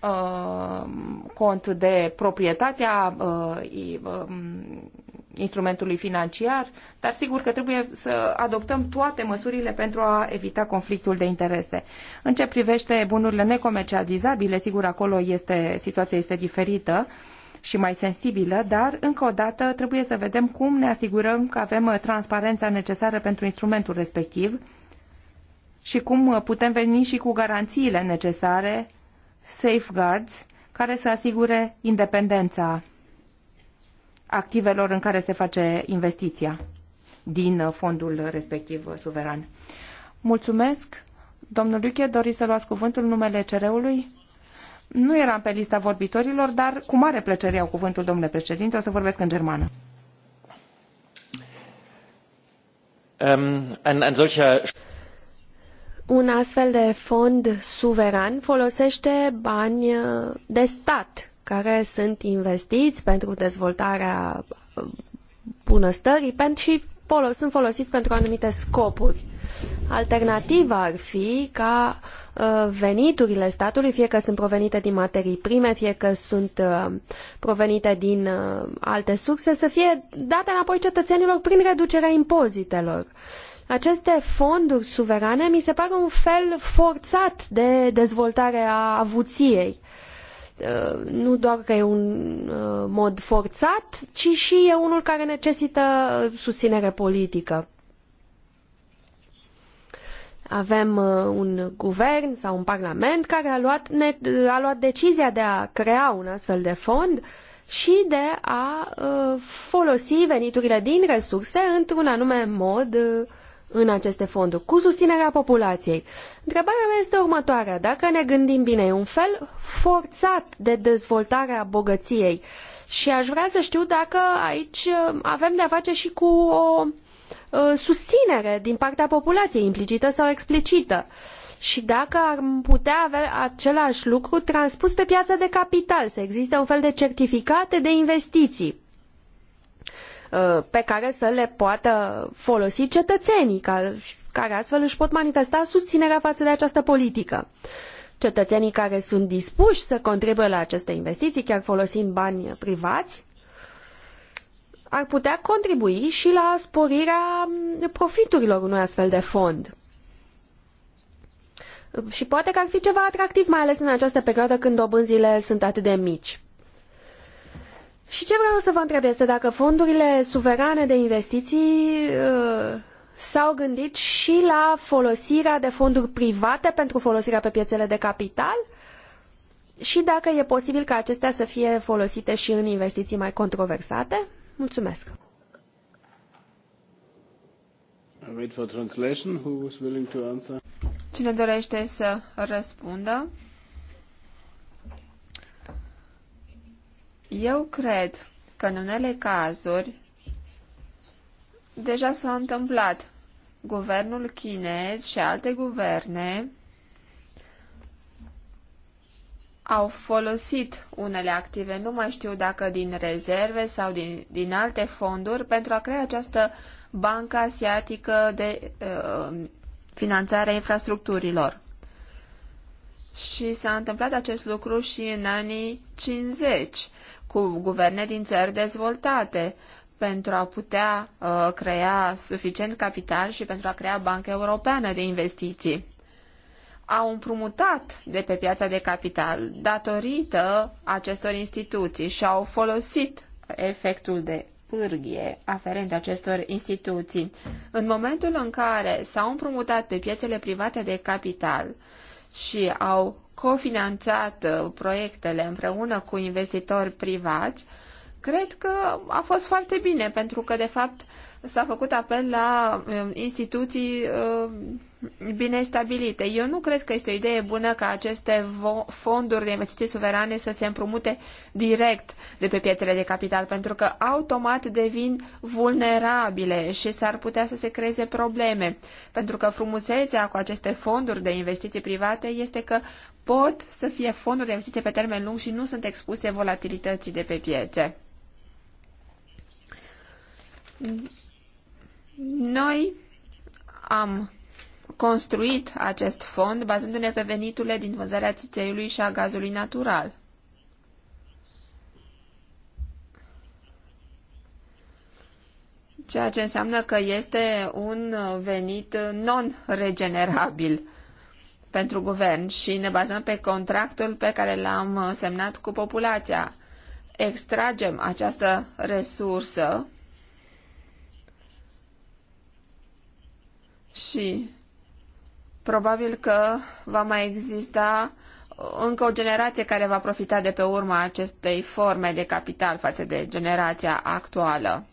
uh, cont de proprietatea uh, um, instrumentului financiar, dar sigur că trebuie să adoptăm toate măsurile pentru a evita conflictul de interese. În ce privește bunurile necomercializabile, sigur acolo este, situația este diferită și mai sensibilă, dar încă o dată trebuie să vedem cum ne asigurăm că avem transparența necesară pentru instrumentul respectiv și cum putem veni și cu garanțiile necesare safeguards care să asigure independența activelor în care se face investiția din fondul respectiv suveran. Mulțumesc. Domnul Luche, doriți să luați cuvântul numele CR-ului? Nu eram pe lista vorbitorilor, dar cu mare plăcere iau cuvântul, domnule președinte, o să vorbesc în germană. Um, an, an solcher un astfel de fond suveran folosește bani uh, de stat care sunt investiți pentru dezvoltarea uh, bunăstării și sunt folosiți pentru anumite scopuri. Alternativa ar fi ca uh, veniturile statului, fie că sunt provenite din materii prime, fie că sunt provenite din alte surse, să fie date înapoi cetățenilor prin reducerea impozitelor. Aceste fonduri suverane mi se pare un fel forțat de dezvoltare a avuției. Uh, nu doar că e un uh, mod forțat, ci și e unul care necesită susținere politică avem uh, un guvern sau un parlament care a luat, ne, a luat decizia de a crea un astfel de fond și de a folosi veniturile din resurse într-un anume mod în aceste fonduri, cu susținerea populației. Întrebarea mea este următoarea. Dacă ne gândim bine, e un fel forțat de dezvoltarea bogăției și aș vrea să știu dacă aici uh, avem de-a face și cu o uh, susținere din partea populației, implicită sau explicită. Și dacă ar putea avea același lucru transpus pe piața de capital, să existe un fel de certificate de investiții Uh, pe care să le poată folosi cetățenii, care astfel își pot manifesta susținerea față de această politică. Cetățenii care sunt dispuși să contribuie la aceste investiții, chiar folosind bani privați, ar putea contribui și la sporirea mm, profiturilor unui astfel de fond. Și poate că ar fi ceva atractiv, mai ales în această perioadă când dobânzile sunt atât de mici. Și ce vreau să vă întreb este dacă fondurile suverane de investiții uh, s-au gândit și la folosirea de fonduri private pentru folosirea pe piețele de capital și dacă e posibil ca acestea să fie folosite și în investiții mai controversate? Mulțumesc! Cine dorește să răspundă? Eu cred că în unele cazuri deja s-a întâmplat. Guvernul chinez și alte guverne au folosit unele active, nu mai știu dacă din rezerve sau din, din alte fonduri, pentru a crea această bancă asiatică de uh, finanțare a infrastructurilor. Și s-a întâmplat acest lucru și în anii 50 cu guverne din țări dezvoltate pentru a putea uh, crea suficient capital și pentru a crea Banca Europeană de Investiții. Au împrumutat de pe piața de capital datorită acestor instituții și au folosit efectul de pârghie aferent acestor instituții. În momentul în care s-au împrumutat pe piețele private de capital și au cofinanțat uh, proiectele împreună cu investitori privați, cred că a fost foarte bine, pentru că, de fapt, s-a făcut apel la uh, instituții uh, bine stabilite. Eu nu cred că este o idee bună ca aceste fonduri de investiții suverane să se împrumute direct de pe piețele de capital, pentru că automat devin vulnerabile și s-ar putea să se creeze probleme. Pentru că frumusețea cu aceste fonduri de investiții private este că pot să fie fonduri de investiții pe termen lung și nu sunt expuse volatilității de pe piețe. Noi am construit acest fond bazându-ne pe veniturile din vânzarea țițeiului și a gazului natural. Ceea ce înseamnă că este un venit non-regenerabil pentru guvern și ne bazăm pe contractul pe care l-am semnat cu populația. Extragem această resursă și Probabil că va mai exista încă o generație care va profita de pe urma acestei forme de capital față de generația actuală.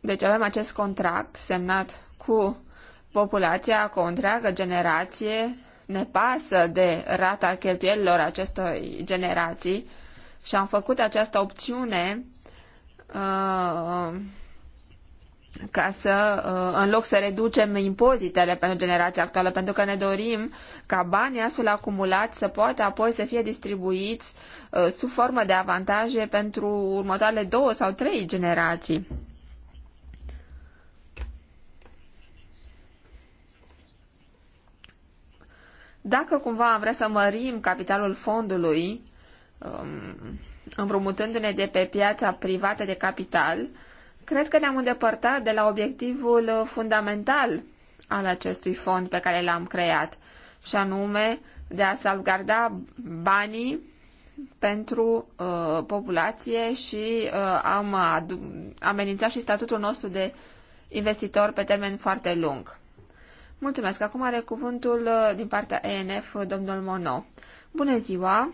Deci avem acest contract semnat cu populația, cu o întreagă generație, ne pasă de rata cheltuielilor acestor generații și am făcut această opțiune uh, ca să, uh, în loc să reducem impozitele pentru generația actuală, pentru că ne dorim ca banii astfel acumulați să poată apoi să fie distribuiți uh, sub formă de avantaje pentru următoarele două sau trei generații. Dacă cumva am vrea să mărim capitalul fondului, um, împrumutându-ne de pe piața privată de capital, Cred că ne-am îndepărtat de la obiectivul uh, fundamental al acestui fond pe care l-am creat, și anume de a salvgarda banii pentru uh, populație și uh, am amenințat și statutul nostru de investitor pe termen foarte lung. Mulțumesc. Acum are cuvântul uh, din partea ENF domnul Mono. Bună ziua!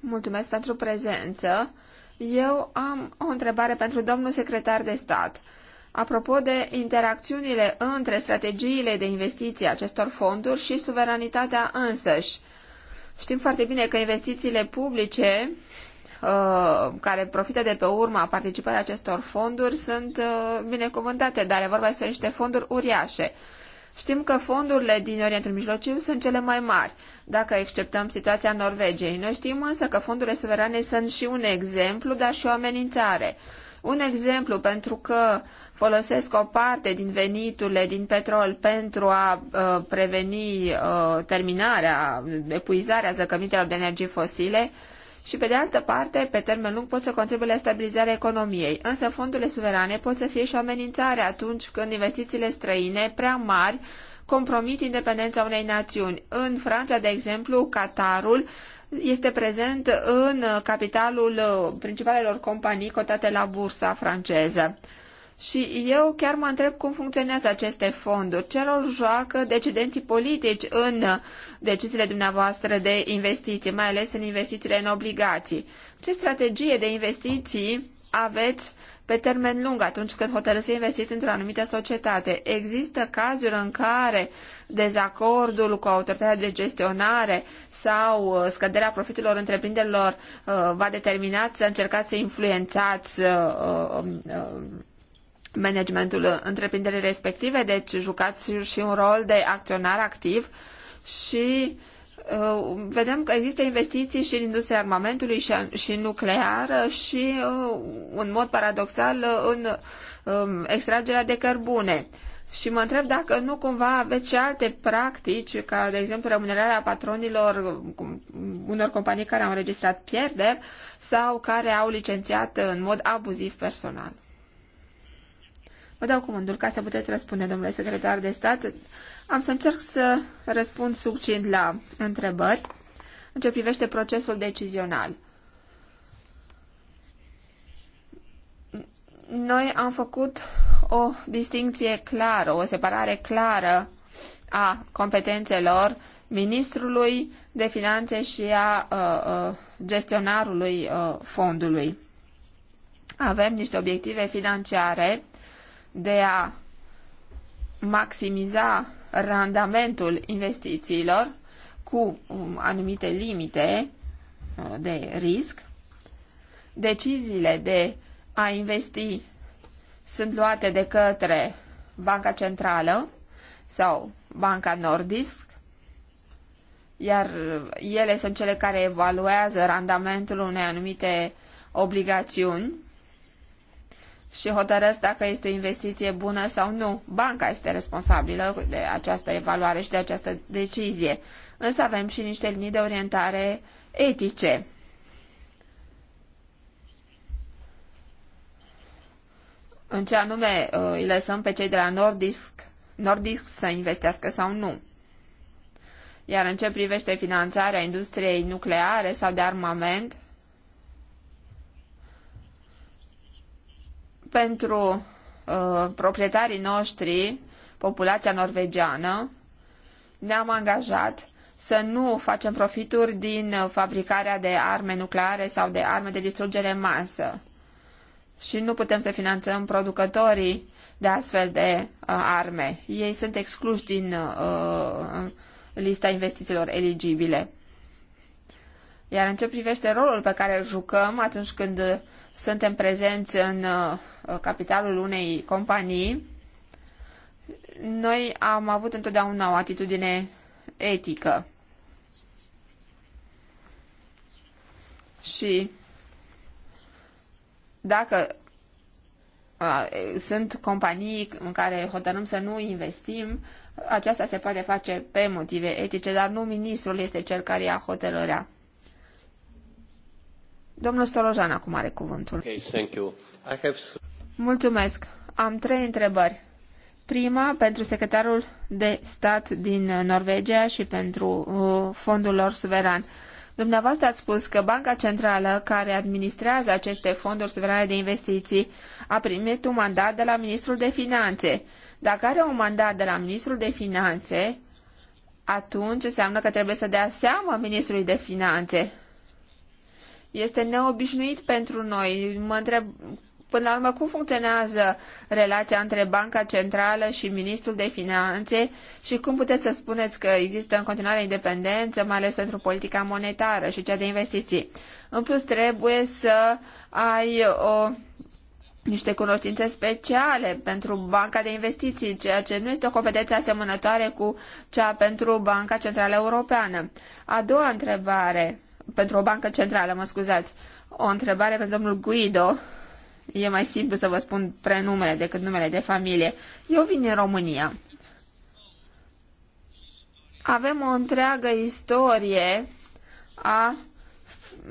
Mulțumesc pentru prezență. Eu am o întrebare pentru domnul secretar de stat. Apropo de interacțiunile între strategiile de investiție acestor fonduri și suveranitatea însăși, știm foarte bine că investițiile publice uh, care profită de pe urma participării acestor fonduri sunt uh, binecuvântate, dar e vorba despre niște fonduri uriașe. Știm că fondurile din Orientul Mijlociu sunt cele mai mari, dacă exceptăm situația Norvegiei. Noi știm însă că fondurile suverane sunt și un exemplu, dar și o amenințare. Un exemplu pentru că folosesc o parte din veniturile din petrol pentru a uh, preveni uh, terminarea, epuizarea zăcămintelor de energie fosile, uh, și, pe de altă parte, pe termen lung pot să contribuie la stabilizarea economiei. Însă fondurile suverane pot să fie și o amenințare atunci când investițiile străine prea mari compromit independența unei națiuni. În Franța, de exemplu, Qatarul este prezent în capitalul uh, principalelor companii cotate la bursa franceză. Și eu chiar mă întreb cum funcționează aceste fonduri. Ce rol joacă decidenții politici în deciziile dumneavoastră de investiții, mai ales în investițiile în obligații? Ce strategie de investiții aveți pe termen lung atunci când hotărâți să investiți într-o anumită societate? Există cazuri în care dezacordul cu autoritatea de gestionare sau uh, scăderea profitelor întreprinderilor uh, va determina să încercați să influențați uh, managementul întreprinderii respective, deci jucați și un rol de acționar activ și uh, vedem că există investiții și în industria armamentului și, și nucleară și, uh, în mod paradoxal, uh, în uh, extragerea de cărbune. Și mă întreb dacă nu cumva aveți și alte practici, ca de exemplu remunerarea patronilor unor companii care au înregistrat pierderi sau care au licențiat în mod abuziv personal. Vă dau cuvântul ca să puteți răspunde, domnule secretar de stat. Am să încerc să răspund succint la întrebări în ce privește procesul decizional. Noi am făcut o distinție clară, o separare clară a competențelor ministrului de finanțe și a, a gestionarului a, fondului. Avem niște obiective financiare de a maximiza randamentul investițiilor cu um, anumite limite uh, de risc. Deciziile de a investi sunt luate de către Banca Centrală sau Banca Nordisk, iar ele sunt cele care evaluează randamentul unei anumite obligațiuni și hotărăsc dacă este o investiție bună sau nu. Banca este responsabilă de această evaluare și de această decizie. Însă avem și niște linii de orientare etice. În ce anume uh, îi lăsăm pe cei de la Nordisk, Nordisk să investească sau nu. Iar în ce privește finanțarea industriei nucleare sau de armament, pentru uh, proprietarii noștri, populația norvegiană, ne-am angajat să nu facem profituri din uh, fabricarea de arme nucleare sau de arme de distrugere în masă. Și nu putem să finanțăm producătorii de astfel de uh, arme. Ei sunt excluși din uh, uh lista investițiilor eligibile. Iar în ce privește rolul pe care îl jucăm atunci când suntem prezenți în uh, capitalul unei companii, noi am avut întotdeauna o atitudine etică. Și dacă uh, sunt companii în care hotărâm să nu investim, aceasta se poate face pe motive etice, dar nu ministrul este cel care ia hotărârea. Domnul Stolojan acum are cuvântul. Okay, thank you. I have... Mulțumesc. Am trei întrebări. Prima pentru secretarul de stat din Norvegia și pentru uh, fondul lor suveran. Dumneavoastră ați spus că Banca Centrală, care administrează aceste fonduri suverane de investiții, a primit un mandat de la Ministrul de Finanțe. Dacă are un mandat de la Ministrul de Finanțe, atunci înseamnă că trebuie să dea seama Ministrului de Finanțe. Este neobișnuit pentru noi. Mă întreb până la urmă cum funcționează relația între Banca Centrală și Ministrul de Finanțe și cum puteți să spuneți că există în continuare independență, mai ales pentru politica monetară și cea de investiții. În plus, trebuie să ai o niște cunoștințe speciale pentru Banca de Investiții, ceea ce nu este o competență asemănătoare cu cea pentru Banca Centrală Europeană. A doua întrebare pentru o bancă centrală, mă scuzați. O întrebare pentru domnul Guido. E mai simplu să vă spun prenumele decât numele de familie. Eu vin din România. Avem o întreagă istorie a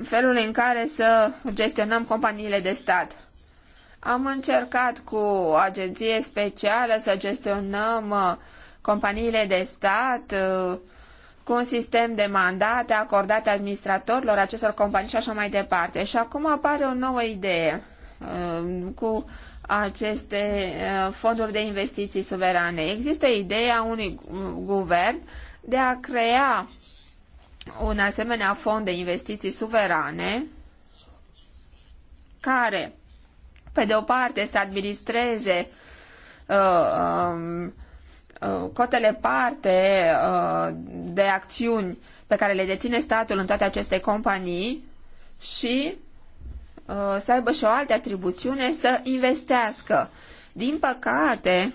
felului în care să gestionăm companiile de stat. Am încercat cu o agenție specială să gestionăm uh, companiile de stat, uh, cu un sistem de mandate acordate administratorilor acestor companii și așa mai departe. Și acum apare o nouă idee uh, cu aceste uh, fonduri de investiții suverane. Există ideea unui guvern de a crea un asemenea fond de investiții suverane care, pe de o parte, să administreze uh, um, Uh, cotele parte uh, de acțiuni pe care le deține statul în toate aceste companii și uh, să aibă și o altă atribuțiune să investească. Din păcate,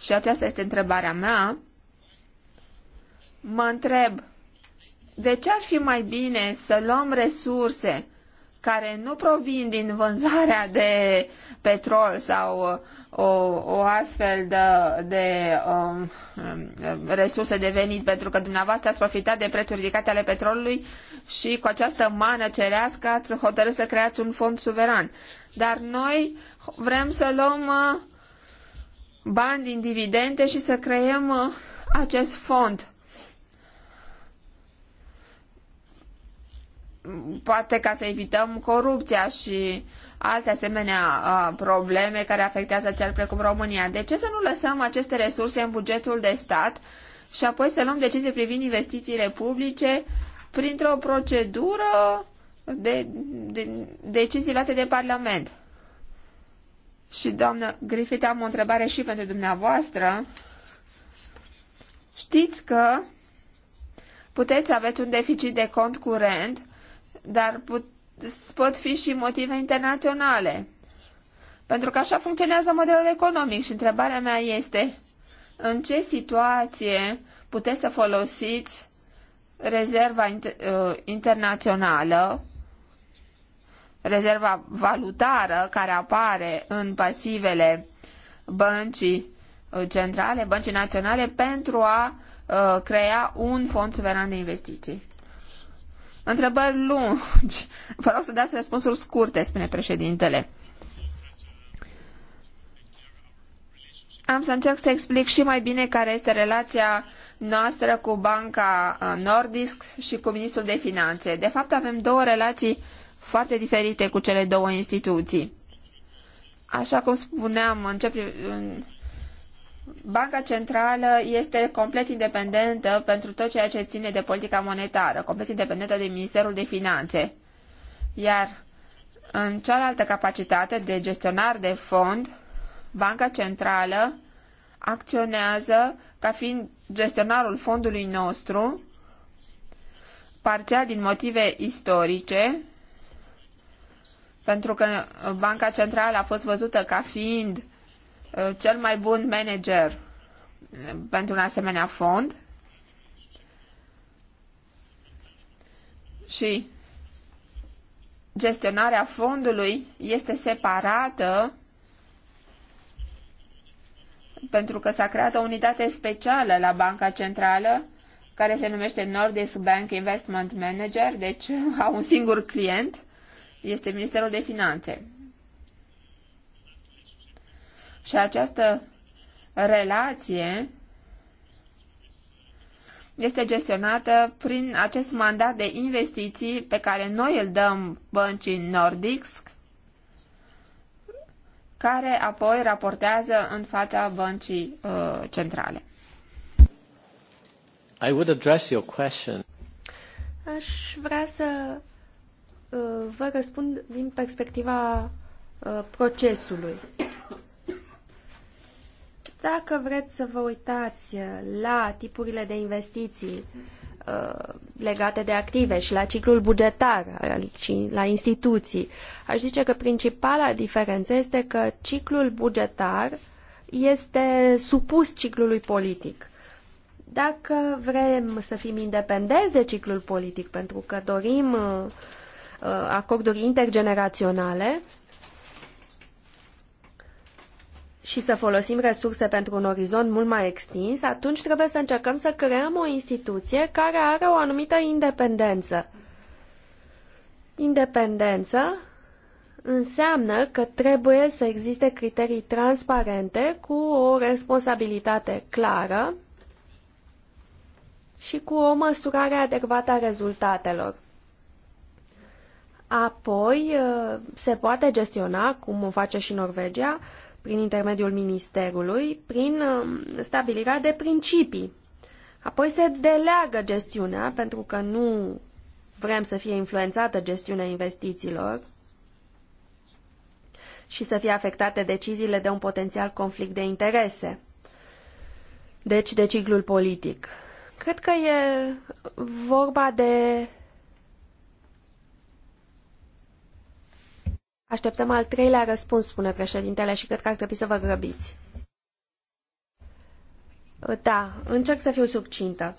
și aceasta este întrebarea mea, mă întreb de ce ar fi mai bine să luăm resurse care nu provin din vânzarea de petrol sau uh, o, o astfel de, de um, resurse de venit, pentru că dumneavoastră ați profitat de prețuri ridicate ale petrolului și cu această mană cerească ați hotărât să creați un fond suveran. Dar noi vrem să luăm uh, bani din dividende și să creăm uh, acest fond poate ca să evităm corupția și alte asemenea probleme care afectează țări precum România. De ce să nu lăsăm aceste resurse în bugetul de stat și apoi să luăm decizii privind investițiile publice printr-o procedură de, de, decizii luate de Parlament? Și, doamnă Griffith, am o întrebare și pentru dumneavoastră. Știți că puteți aveți un deficit de cont curent dar put, pot fi și motive internaționale. Pentru că așa funcționează modelul economic și întrebarea mea este în ce situație puteți să folosiți rezerva inter, uh, internațională, rezerva valutară care apare în pasivele băncii uh, centrale, băncii naționale, pentru a uh, crea un fond suveran de investiții. Întrebări lungi. Vă rog să dați răspunsuri scurte, spune președintele. Am să încerc să explic și mai bine care este relația noastră cu Banca uh, Nordisk și cu Ministrul de Finanțe. De fapt, avem două relații foarte diferite cu cele două instituții. Așa cum spuneam, în ce, în Banca Centrală este complet independentă pentru tot ceea ce ține de politica monetară, complet independentă de Ministerul de Finanțe. Iar în cealaltă capacitate de gestionar de fond, Banca Centrală acționează ca fiind gestionarul fondului nostru, parțial din motive istorice, pentru că Banca Centrală a fost văzută ca fiind Uh, cel mai bun manager pentru un asemenea fond și gestionarea fondului este separată pentru că s-a creat o unitate specială la Banca Centrală care se numește Nordisk Bank Investment Manager, deci au un singur client, este Ministerul de Finanțe. Și această relație este gestionată prin acest mandat de investiții pe care noi îl dăm băncii Nordics, care apoi raportează în fața băncii uh, centrale. I would address your question. Aș vrea să uh, vă răspund din perspectiva uh, procesului. Dacă vreți să vă uitați la tipurile de investiții uh, legate de active și la ciclul bugetar și la instituții, aș zice că principala diferență este că ciclul bugetar este supus ciclului politic. Dacă vrem să fim independenți de ciclul politic, pentru că dorim uh, uh, acorduri intergeneraționale, și să folosim resurse pentru un orizont mult mai extins, atunci trebuie să încercăm să creăm o instituție care are o anumită independență. Independență înseamnă că trebuie să existe criterii transparente cu o responsabilitate clară și cu o măsurare adecvată a rezultatelor. Apoi se poate gestiona, cum o face și Norvegia, prin intermediul Ministerului, prin um, stabilirea de principii. Apoi se deleagă gestiunea, pentru că nu vrem să fie influențată gestiunea investițiilor și să fie afectate deciziile de un potențial conflict de interese, deci de ciclul politic. Cred că e vorba de Așteptăm al treilea răspuns, spune președintele, și cred că ar trebui să vă grăbiți. Da, încerc să fiu subcintă.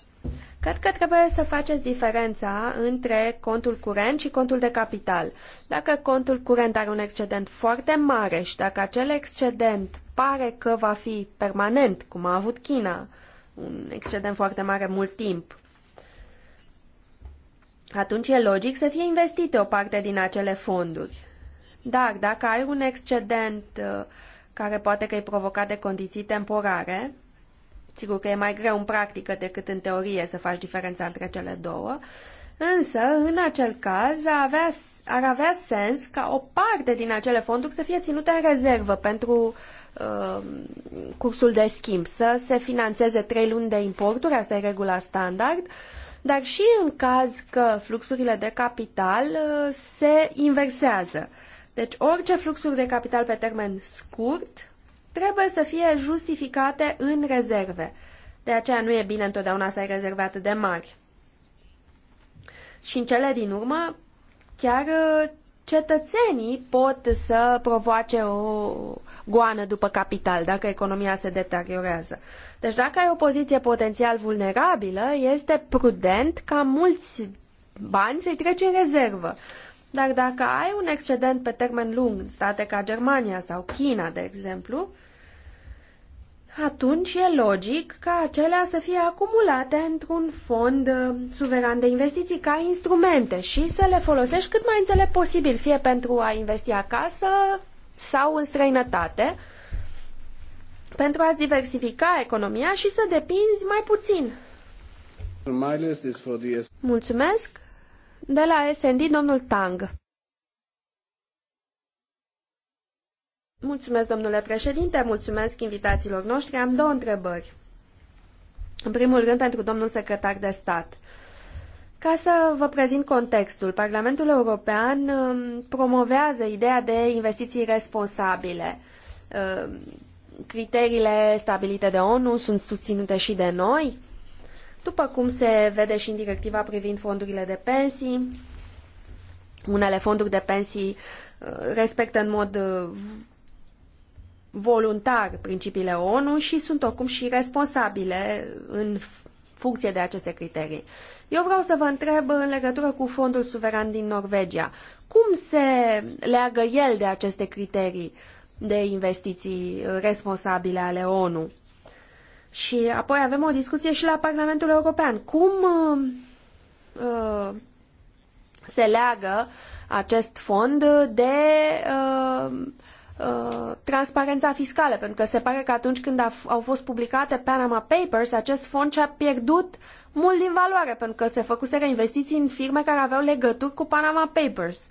Cred că trebuie să faceți diferența între contul curent și contul de capital. Dacă contul curent are un excedent foarte mare și dacă acel excedent pare că va fi permanent, cum a avut China, un excedent foarte mare mult timp, atunci e logic să fie investite o parte din acele fonduri. Dar dacă ai un excedent uh, care poate că e provocat de condiții temporare, sigur că e mai greu în practică decât în teorie să faci diferența între cele două, însă, în acel caz, avea, ar avea sens ca o parte din acele fonduri să fie ținute în rezervă pentru uh, cursul de schimb, să se financeze trei luni de importuri, asta e regula standard, dar și în caz că fluxurile de capital uh, se inversează deci orice fluxuri de capital pe termen scurt trebuie să fie justificate în rezerve. De aceea nu e bine întotdeauna să ai rezerve atât de mari. Și în cele din urmă, chiar uh, cetățenii pot să provoace o goană după capital dacă economia se deteriorează. Deci dacă ai o poziție potențial vulnerabilă, este prudent ca mulți bani să-i treci în rezervă. Dar dacă ai un excedent pe termen lung în state ca Germania sau China, de exemplu, atunci e logic ca acelea să fie acumulate într-un fond uh, suveran de investiții ca instrumente și să le folosești cât mai înțelept posibil, fie pentru a investi acasă sau în străinătate, pentru a-ți diversifica economia și să depinzi mai puțin. Mulțumesc! De la SND, domnul Tang. Mulțumesc, domnule președinte, mulțumesc invitațiilor noștri. Am două întrebări. În primul rând, pentru domnul secretar de stat. Ca să vă prezint contextul, Parlamentul European um, promovează ideea de investiții responsabile. Um, criteriile stabilite de ONU sunt susținute și de noi după cum se vede și în directiva privind fondurile de pensii. Unele fonduri de pensii uh, respectă în mod uh, voluntar principiile ONU și sunt oricum și responsabile în funcție de aceste criterii. Eu vreau să vă întreb în legătură cu fondul suveran din Norvegia. Cum se leagă el de aceste criterii de investiții responsabile ale ONU? Și apoi avem o discuție și la Parlamentul European. Cum uh, uh, se leagă acest fond de uh, uh, transparența fiscală? Pentru că se pare că atunci când au fost publicate Panama Papers, acest fond și-a pierdut mult din valoare, pentru că se făcuseră investiții în firme care aveau legături cu Panama Papers.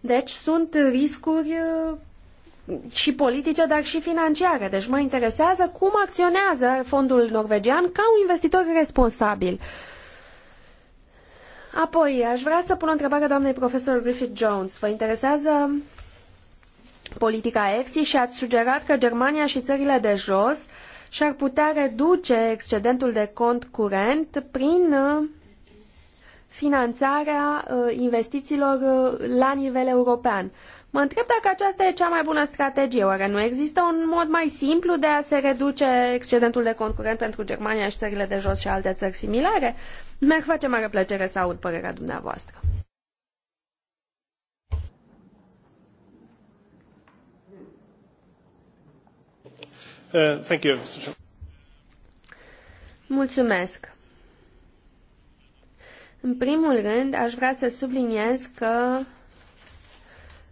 Deci sunt riscuri uh, și politice, dar și financiare. Deci mă interesează cum acționează fondul norvegian ca un investitor responsabil. Apoi, aș vrea să pun o întrebare doamnei profesor Griffith Jones. Vă interesează politica EFSI și ați sugerat că Germania și țările de jos și-ar putea reduce excedentul de cont curent prin uh, finanțarea uh, investițiilor uh, la nivel european. Mă întreb dacă aceasta e cea mai bună strategie. Oare nu există un mod mai simplu de a se reduce excedentul de concurent pentru Germania și țările de jos și alte țări similare? Mi-ar face mare plăcere să aud părerea dumneavoastră. Uh, thank you. Mulțumesc. În primul rând, aș vrea să subliniez că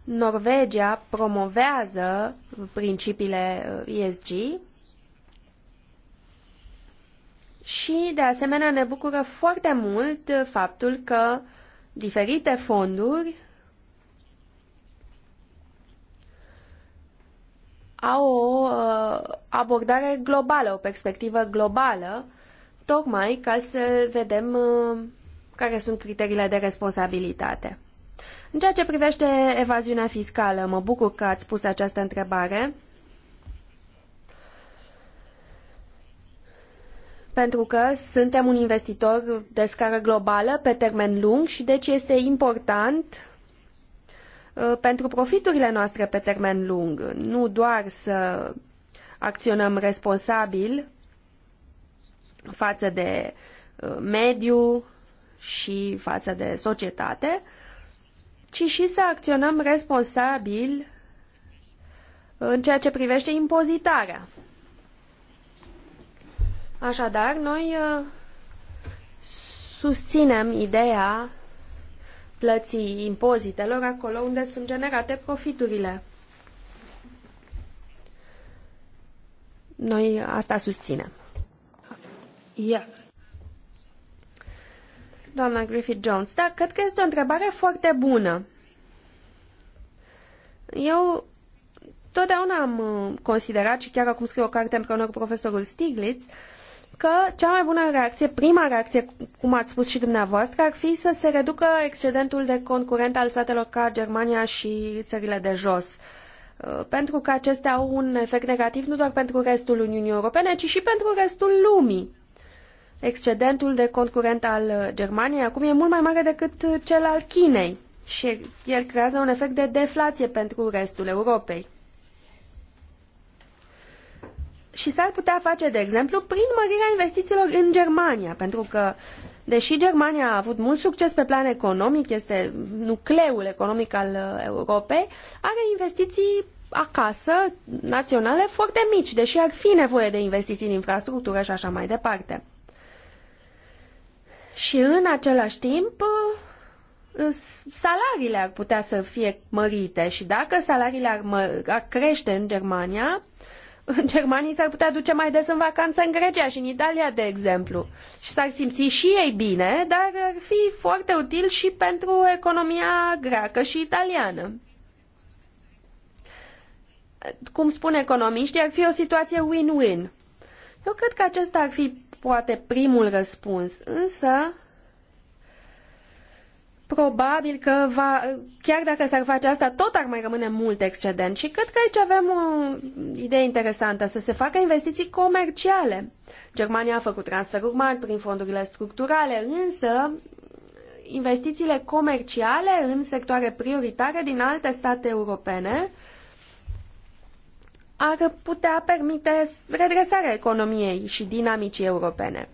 Norvegia promovează principiile uh, ESG și, de asemenea, ne bucură foarte mult faptul că diferite fonduri au o uh, abordare globală, o perspectivă globală, tocmai ca să vedem uh, care sunt criteriile de responsabilitate. În ceea ce privește evaziunea fiscală, mă bucur că ați pus această întrebare. pentru că suntem un investitor de scară globală pe termen lung și deci este important ă, pentru profiturile noastre pe termen lung, nu doar să acționăm responsabil față de ă, mediu și față de societate, ci și să acționăm responsabil în ceea ce privește impozitarea. Așadar, noi uh, susținem ideea plății impozitelor acolo unde sunt generate profiturile. Noi asta susținem. Yeah. Doamna Griffith-Jones, da, cred că este o întrebare foarte bună. Eu totdeauna am uh, considerat, și chiar acum scriu o carte împreună cu profesorul Stiglitz, că cea mai bună reacție, prima reacție, cum ați spus și dumneavoastră, ar fi să se reducă excedentul de concurent al statelor ca Germania și țările de jos. Uh, pentru că acestea au un efect negativ nu doar pentru restul Uniunii Europene, ci și pentru restul lumii. Excedentul de cont curent al uh, Germaniei acum e mult mai mare decât uh, cel al Chinei și el creează un efect de deflație pentru restul Europei. Și s-ar putea face, de exemplu, prin mărirea investițiilor în Germania, pentru că Deși Germania a avut mult succes pe plan economic, este nucleul economic al uh, Europei, are investiții acasă, naționale, foarte mici, deși ar fi nevoie de investiții în infrastructură și așa mai departe. Și în același timp, uh, salariile ar putea să fie mărite și dacă salariile ar, mă, ar crește în Germania, germanii s-ar putea duce mai des în vacanță în Grecia și în Italia, de exemplu. Și s-ar simți și ei bine, dar ar fi foarte util și pentru economia greacă și italiană. Cum spun economiștii, ar fi o situație win-win. Eu cred că acesta ar fi poate primul răspuns, însă probabil că va, chiar dacă s-ar face asta, tot ar mai rămâne mult excedent și cred că aici avem o idee interesantă, să se facă investiții comerciale. Germania a făcut transferuri mari prin fondurile structurale, însă investițiile comerciale în sectoare prioritare din alte state europene ar putea permite redresarea economiei și dinamicii europene.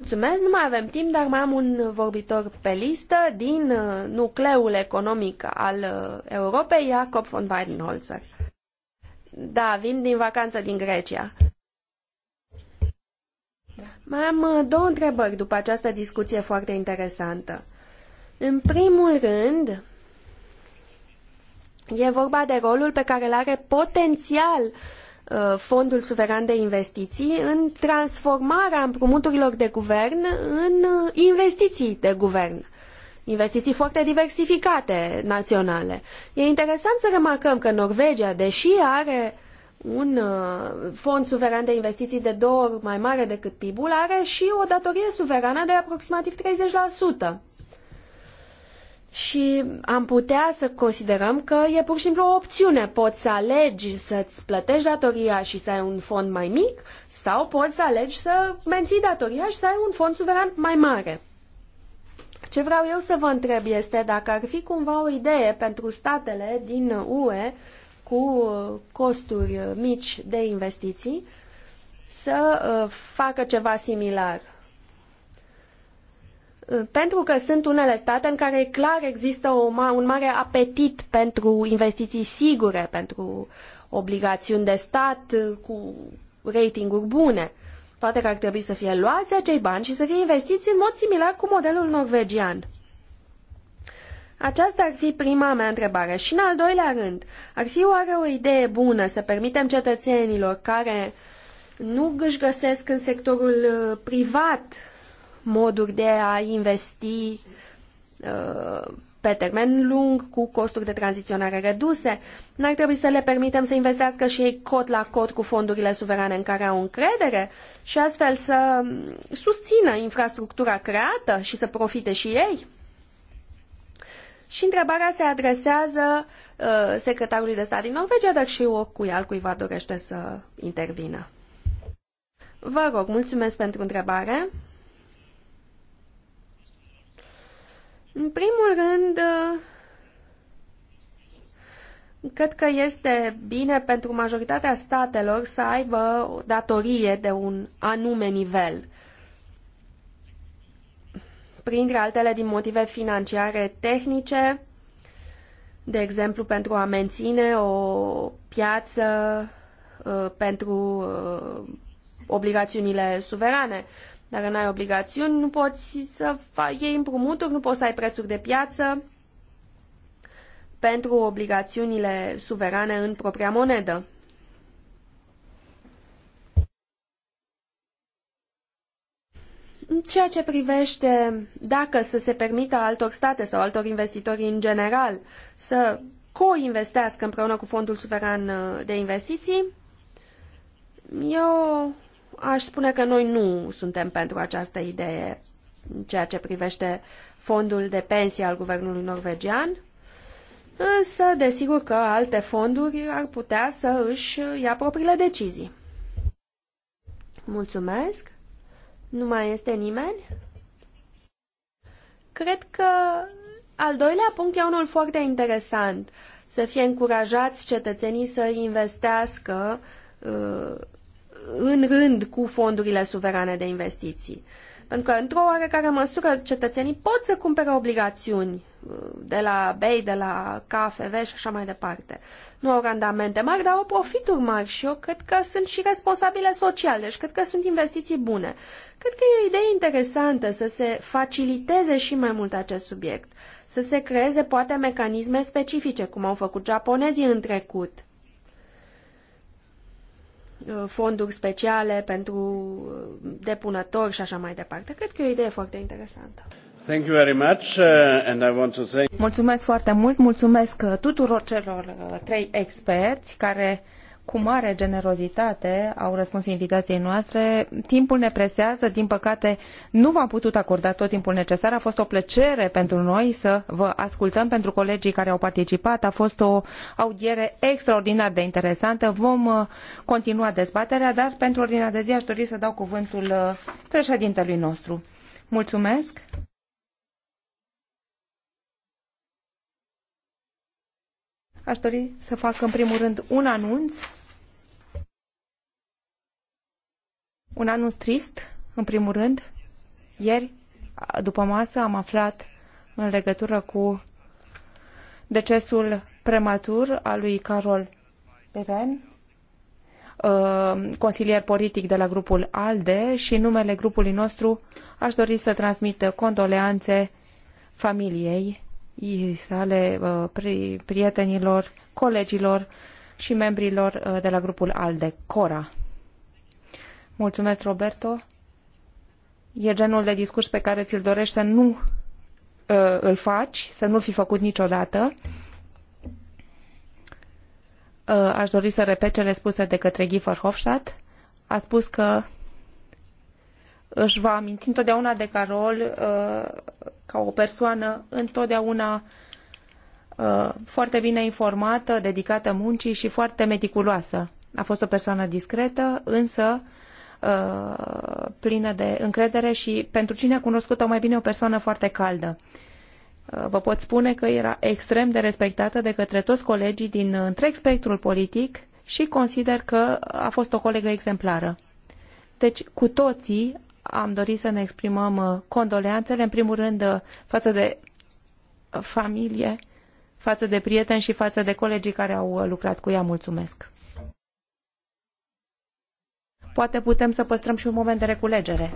Mulțumesc, nu mai avem timp, dar mai am un vorbitor pe listă din uh, nucleul economic al uh, Europei, Jacob von Weidenholzer. Da, vin din vacanță din Grecia. Mai am uh, două întrebări după această discuție foarte interesantă. În primul rând, E vorba de rolul pe care îl are potențial uh, Fondul Suveran de Investiții în transformarea împrumuturilor de guvern în uh, investiții de guvern. Investiții foarte diversificate naționale. E interesant să remarcăm că Norvegia, deși are un uh, fond suveran de investiții de două ori mai mare decât PIB-ul, are și o datorie suverană de aproximativ sută și am putea să considerăm că e pur și simplu o opțiune. Poți să alegi să-ți plătești datoria și să ai un fond mai mic sau poți să alegi să menții datoria și să ai un fond suveran mai mare. Ce vreau eu să vă întreb este dacă ar fi cumva o idee pentru statele din UE cu costuri mici de investiții să uh, facă ceva similar pentru că sunt unele state în care clar există o, un mare apetit pentru investiții sigure, pentru obligațiuni de stat uh, cu ratinguri bune. Poate că ar trebui să fie luați acei bani și să fie investiți în mod similar cu modelul norvegian. Aceasta ar fi prima mea întrebare. Și în al doilea rând, ar fi oare o idee bună să permitem cetățenilor care nu își găsesc în sectorul uh, privat moduri de a investi uh, pe termen lung, cu costuri de tranziționare reduse, n-ar trebui să le permitem să investească și ei cot la cot cu fondurile suverane în care au încredere și astfel să susțină infrastructura creată și să profite și ei? Și întrebarea se adresează uh, secretarului de stat din Norvegia, dar și oricui altcuiva dorește să intervină. Vă rog, mulțumesc pentru întrebare. În primul rând, uh, cred că este bine pentru majoritatea statelor să aibă o datorie de un anume nivel. Printre altele din motive financiare tehnice, de exemplu pentru a menține o piață uh, pentru uh, obligațiunile suverane. Dacă n-ai obligațiuni, nu poți să iei împrumuturi, nu poți să ai prețuri de piață pentru obligațiunile suverane în propria monedă. În ceea ce privește dacă să se permită altor state sau altor investitori în general să co-investească împreună cu Fondul Suveran uh, de Investiții, e o aș spune că noi nu suntem pentru această idee în ceea ce privește fondul de pensie al guvernului norvegian, însă desigur că alte fonduri ar putea să își ia propriile decizii. Mulțumesc. Nu mai este nimeni? Cred că al doilea punct e unul foarte interesant. Să fie încurajați cetățenii să investească uh, în rând cu fondurile suverane de investiții. Pentru că, într-o oarecare măsură, cetățenii pot să cumpere obligațiuni uh, de la BEI, de la KFV și așa mai departe. Nu au randamente mari, dar au profituri mari și eu cred că sunt și responsabile sociale, și deci cred că sunt investiții bune. Cred că e o idee interesantă să se faciliteze și mai mult acest subiect, să se creeze poate mecanisme specifice, cum au făcut japonezii în trecut Uh, fonduri speciale pentru uh, depunători și așa mai departe. Cred că e o idee foarte interesantă. Thank you very much, uh, and I want to Mulțumesc foarte mult, mulțumesc tuturor celor trei experți care cu mare generozitate au răspuns invitației noastre. Timpul ne presează, din păcate nu v-am putut acorda tot timpul necesar. A fost o plăcere pentru noi să vă ascultăm, pentru colegii care au participat. A fost o audiere extraordinar de interesantă. Vom uh, continua dezbaterea, dar pentru ordinea de zi aș dori să dau cuvântul uh, președintelui nostru. Mulțumesc! Aș dori să fac în primul rând un anunț, un anunț trist, în primul rând. Ieri, după masă, am aflat în legătură cu decesul prematur al lui Carol Peren, uh, consilier politic de la grupul ALDE și în numele grupului nostru aș dori să transmit condoleanțe familiei sale uh, prietenilor, colegilor și membrilor uh, de la grupul ALDE, CORA. Mulțumesc, Roberto. E genul de discurs pe care ți-l dorești să nu uh, îl faci, să nu-l fi făcut niciodată. Uh, aș dori să repet cele spuse de către Gifford Hofstadt. A spus că își va aminti întotdeauna de Carol uh, ca o persoană întotdeauna uh, foarte bine informată, dedicată muncii și foarte meticuloasă. A fost o persoană discretă, însă uh, plină de încredere și pentru cine a cunoscut-o mai bine o persoană foarte caldă. Vă pot spune că era extrem de respectată de către toți colegii din întreg spectrul politic și consider că a fost o colegă exemplară. Deci, cu toții am dorit să ne exprimăm uh, condoleanțele, în primul rând, uh, față de uh, familie, față de prieteni și față de colegii care au lucrat cu ea. Mulțumesc! Poate putem să păstrăm și un moment de reculegere.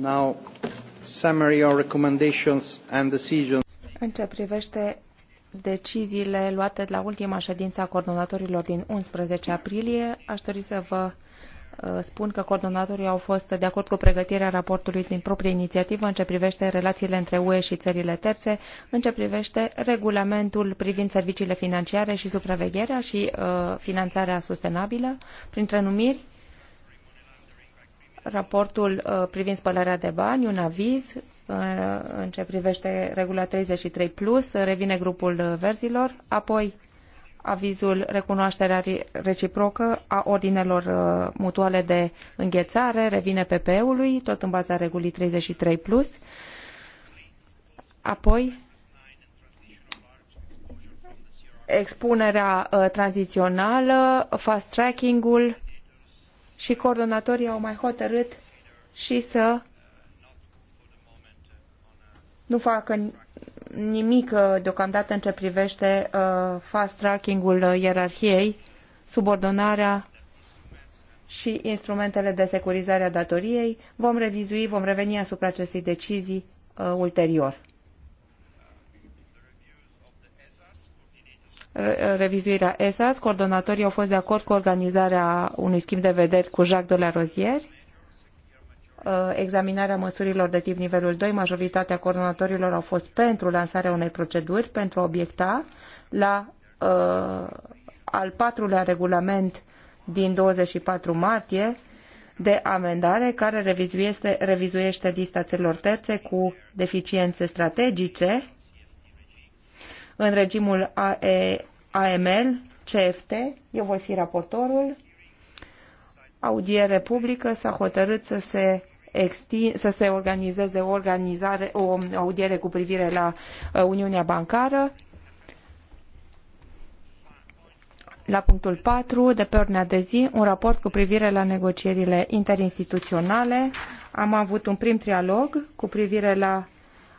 Now, summary or recommendations and decisions. În ce privește deciziile luate la ultima ședință a coordonatorilor din 11 aprilie, aș dori să vă uh, spun că coordonatorii au fost de acord cu pregătirea raportului din proprie inițiativă în ce privește relațiile între UE și țările terțe, în ce privește regulamentul privind serviciile financiare și supravegherea și uh, finanțarea sustenabilă, printre numiri raportul uh, privind spălarea de bani, un aviz uh, în ce privește regula 33+, plus, uh, revine grupul verzilor, apoi avizul recunoașterea reciprocă a ordinelor mutuale de înghețare, revine PP-ului, tot în baza regulii 33+, plus. apoi expunerea uh, tranzițională, fast tracking-ul, și coordonatorii au mai hotărât și să nu facă nimic uh, deocamdată în ce privește uh, fast tracking-ul uh, ierarhiei, subordonarea și instrumentele de securizare a datoriei. Vom revizui, vom reveni asupra acestei decizii ulterior. revizuirea ESAS, coordonatorii au fost de acord cu organizarea unui schimb de vederi cu Jacques de la Rozier, uh, examinarea măsurilor de tip nivelul 2, majoritatea coordonatorilor au fost pentru lansarea unei proceduri pentru a obiecta la uh, al patrulea regulament din 24 martie de amendare care revizuiește, revizuiește lista țărilor terțe cu deficiențe strategice în regimul AML, CFT, eu voi fi raportorul, audiere publică, s-a hotărât să se să se organizeze o, organizare, o audiere cu privire la uh, Uniunea Bancară. La punctul 4 de pe ordinea de zi, un raport cu privire la negocierile interinstituționale. Am avut un prim trialog cu privire la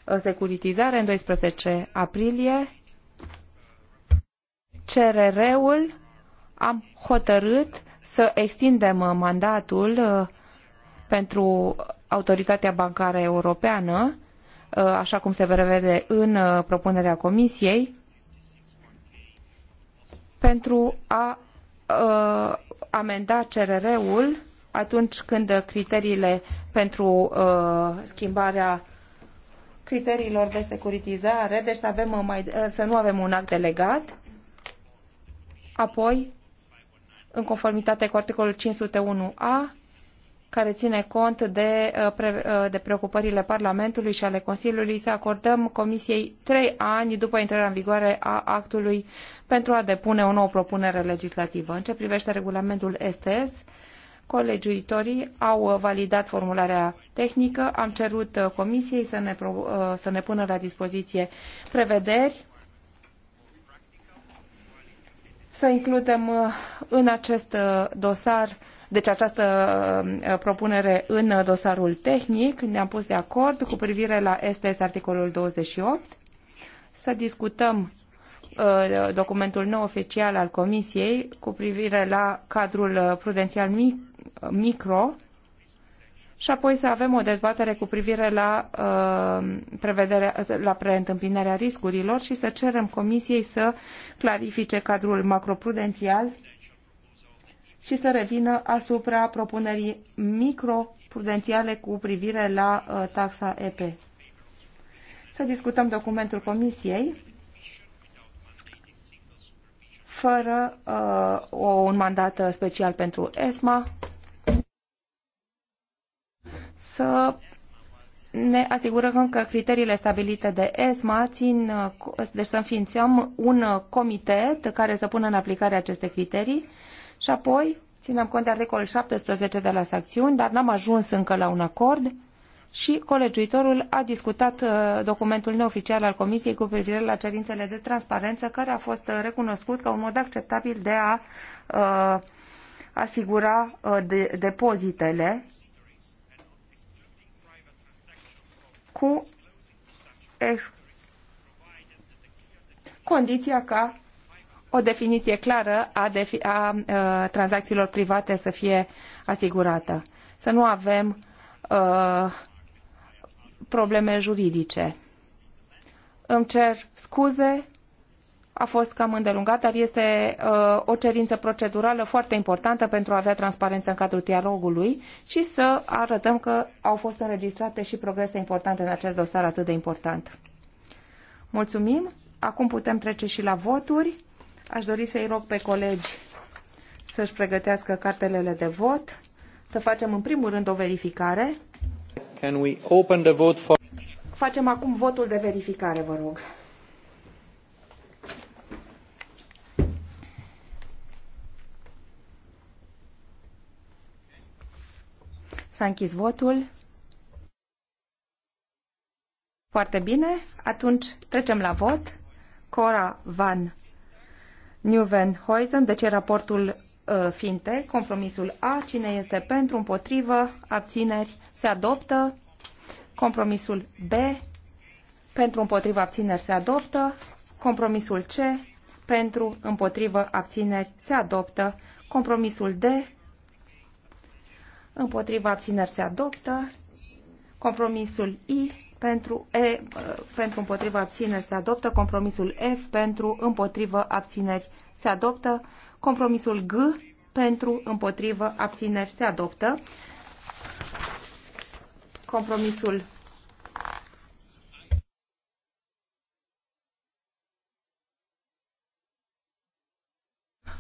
uh, securitizare în 12 aprilie CRR-ul am hotărât să extindem uh, mandatul uh, pentru Autoritatea Bancară Europeană, uh, așa cum se prevede în propunerea Comisiei, pentru a amenda CRR-ul atunci când criteriile pentru schimbarea criteriilor de securitizare, deci să, avem mai, să nu avem un act delegat, Apoi, în conformitate cu articolul 501A, care ține cont de, uh, uh, de preocupările Parlamentului și ale Consiliului, să acordăm Comisiei trei ani după intrarea în vigoare a actului pentru a depune o nouă propunere legislativă. În ce privește regulamentul STS, colegiuitorii au validat formularea tehnică, am cerut uh, Comisiei să ne, să ne pună la dispoziție prevederi să includem uh, în acest uh, dosar, deci această uh, propunere în dosarul tehnic. Ne-am pus de acord cu privire la STS articolul 28, să discutăm documentul nou oficial al Comisiei cu privire la cadrul prudențial micro și apoi să avem o dezbatere cu privire la, uh, prevederea, la preîntâmpinarea riscurilor și să cerem Comisiei să clarifice cadrul macroprudențial și să revină asupra propunerii microprudențiale cu privire la uh, taxa EP. Să discutăm documentul Comisiei fără uh, un mandat special pentru ESMA, să ne asigurăm că criteriile stabilite de ESMA țin, deci să înființăm un comitet care să pună în aplicare aceste criterii și apoi ținem cont de articolul 17 de la sancțiuni, dar n-am ajuns încă la un acord și colegiuitorul a discutat uh, documentul neoficial al Comisiei cu privire la cerințele de transparență, care a fost uh, recunoscut ca un mod acceptabil de a uh, asigura de, depozitele cu ex- condiția ca o definiție clară a, defi- a, a tranzacțiilor private să fie asigurată. Să nu avem a, probleme juridice. Îmi cer scuze a fost cam îndelungat, dar este uh, o cerință procedurală foarte importantă pentru a avea transparență în cadrul dialogului și să arătăm că au fost înregistrate și progrese importante în acest dosar atât de important. Mulțumim. Acum putem trece și la voturi. Aș dori să-i rog pe colegi să-și pregătească cartelele de vot, să facem în primul rând o verificare. Can we open the vote for... Facem acum votul de verificare, vă rog. S-a închis votul. Foarte bine. Atunci trecem la vot. Cora Van Nieuwenhuizen, deci raportul uh, finte, compromisul A, cine este pentru, împotrivă, abțineri, se adoptă. Compromisul B, pentru, împotrivă, abțineri, se adoptă. Compromisul C, pentru, împotrivă, abțineri, se adoptă. Compromisul D, împotriva abțineri se adoptă, compromisul I pentru, e, pentru împotriva abțineri se adoptă, compromisul F pentru împotriva abțineri se adoptă, compromisul G pentru împotriva abțineri se adoptă, compromisul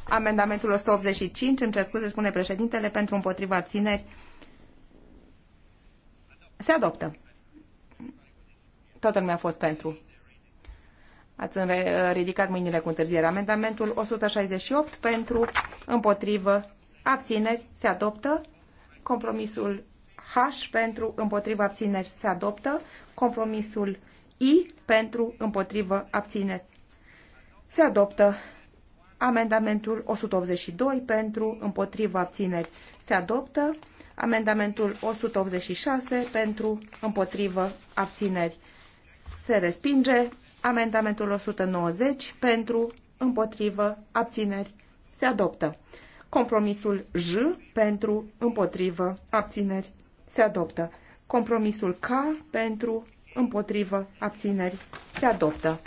Amendamentul 185, îmi cer scuze, spune președintele, pentru împotriva abțineri. Se adoptă. Toată lumea a fost pentru. Ați ridicat mâinile cu întârziere. Amendamentul 168 pentru, împotrivă, abțineri, se adoptă. Compromisul H pentru, împotrivă, abțineri, se adoptă. Compromisul I pentru, împotrivă, abțineri, se adoptă. Amendamentul 182 pentru, împotriva abțineri se adoptă. Amendamentul 186 pentru, împotrivă abțineri se respinge. Amendamentul 190 pentru, împotrivă abțineri se adoptă. Compromisul J pentru, împotrivă abțineri se adoptă. Compromisul K pentru, împotrivă abțineri se adoptă.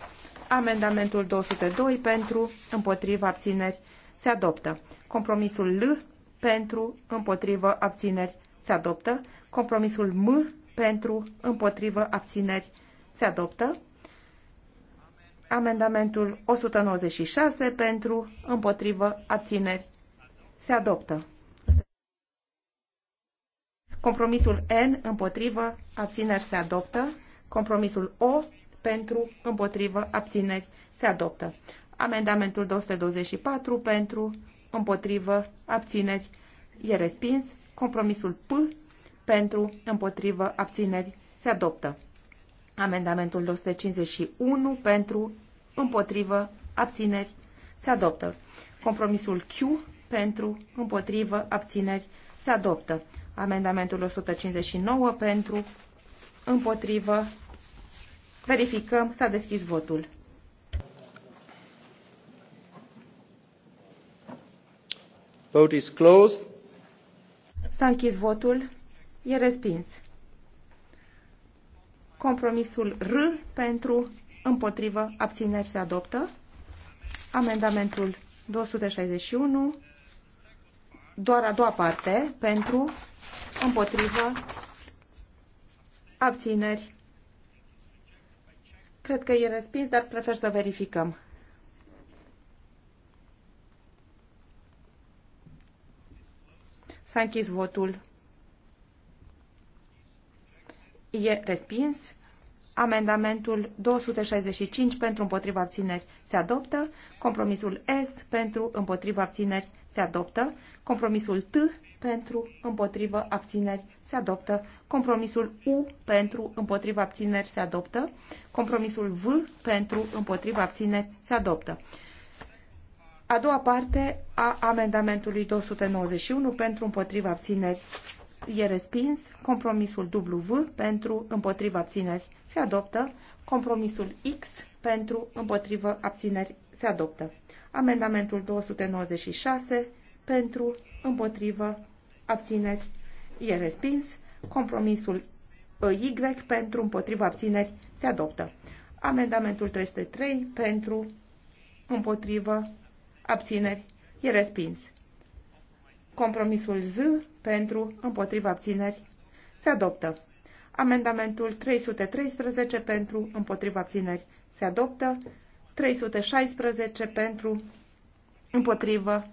Amendamentul 202 pentru, împotriva abțineri, se adoptă. Compromisul L pentru, împotrivă, abțineri, se adoptă. Compromisul M pentru, împotrivă, abțineri, se adoptă. Amendamentul 196 pentru, împotrivă, abțineri, se adoptă. Compromisul N împotrivă, abțineri se adoptă. Compromisul O pentru, împotrivă, abțineri, se adoptă. Amendamentul 224 pentru, împotrivă, abțineri, e respins. Compromisul P pentru, împotrivă, abțineri, se adoptă. Amendamentul 251 pentru, împotrivă, abțineri, se adoptă. Compromisul Q pentru, împotrivă, abțineri, se adoptă. Amendamentul 159 pentru, împotrivă, Verificăm, s-a deschis votul. Vote is closed. S-a închis votul. E respins. Compromisul R pentru împotrivă abțineri se adoptă. Amendamentul 261, doar a doua parte, pentru împotrivă abțineri Cred că e respins, dar prefer să verificăm. S-a închis votul. E respins. Amendamentul 265 pentru împotriva abțineri se adoptă. Compromisul S pentru împotriva abțineri se adoptă. Compromisul T pentru, împotrivă, abțineri, se adoptă. Compromisul U pentru, împotrivă, abțineri, se adoptă. Compromisul V pentru, împotrivă, abțineri, se adoptă. A doua parte a amendamentului 291 pentru, împotrivă, abțineri, e respins. Compromisul W pentru, împotrivă, abțineri, se adoptă. Compromisul X pentru, împotrivă, abțineri, se adoptă. Amendamentul 296 pentru, împotrivă, abțineri, e respins. Compromisul ă, Y pentru împotriva abțineri se adoptă. Amendamentul 303 pentru împotrivă abțineri e respins. Compromisul Z pentru împotriva abțineri se adoptă. Amendamentul 313 pentru împotriva abțineri se adoptă. 316 pentru împotrivă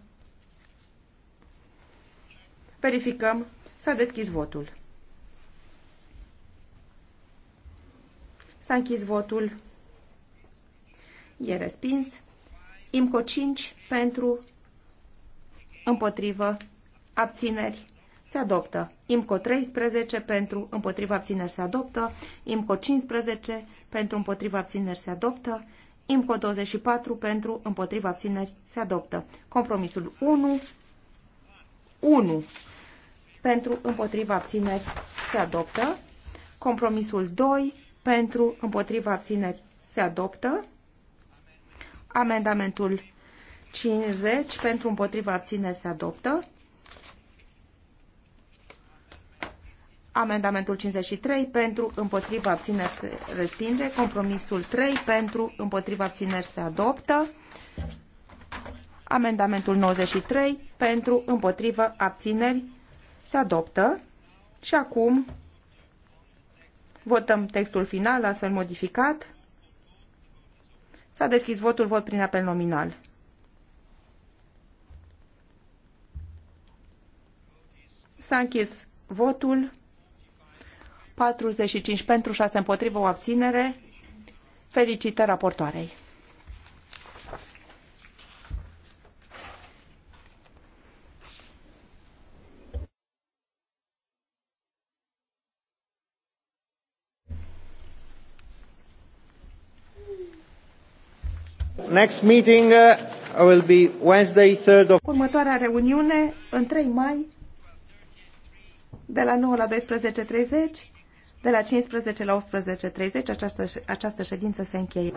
Verificăm. S-a deschis votul. S-a închis votul. E respins. IMCO 5 pentru, împotrivă, abțineri. Se adoptă. IMCO 13 pentru, împotriva abțineri se adoptă. IMCO 15 pentru, împotriva abțineri se adoptă. IMCO 24 pentru, împotriva abțineri se adoptă. Compromisul 1 1 pentru împotriva abțineri se adoptă. Compromisul 2 pentru împotriva abțineri se adoptă. Amendamentul 50 pentru împotriva abțineri se adoptă. Amendamentul 53 pentru împotriva abțineri se respinge. Compromisul 3 pentru împotriva abțineri se adoptă. Amendamentul 93 pentru, împotrivă, abțineri se adoptă. Și acum votăm textul final astfel modificat. S-a deschis votul, vot prin apel nominal. S-a închis votul. 45 pentru, 6 împotrivă, o abținere. Felicitări raportoarei. Next meeting uh, will be Wednesday, 3rd of... Următoarea reuniune, în 3 mai, de la 9 la 12.30, de la 15 la 18.30, această, această ședință se încheie.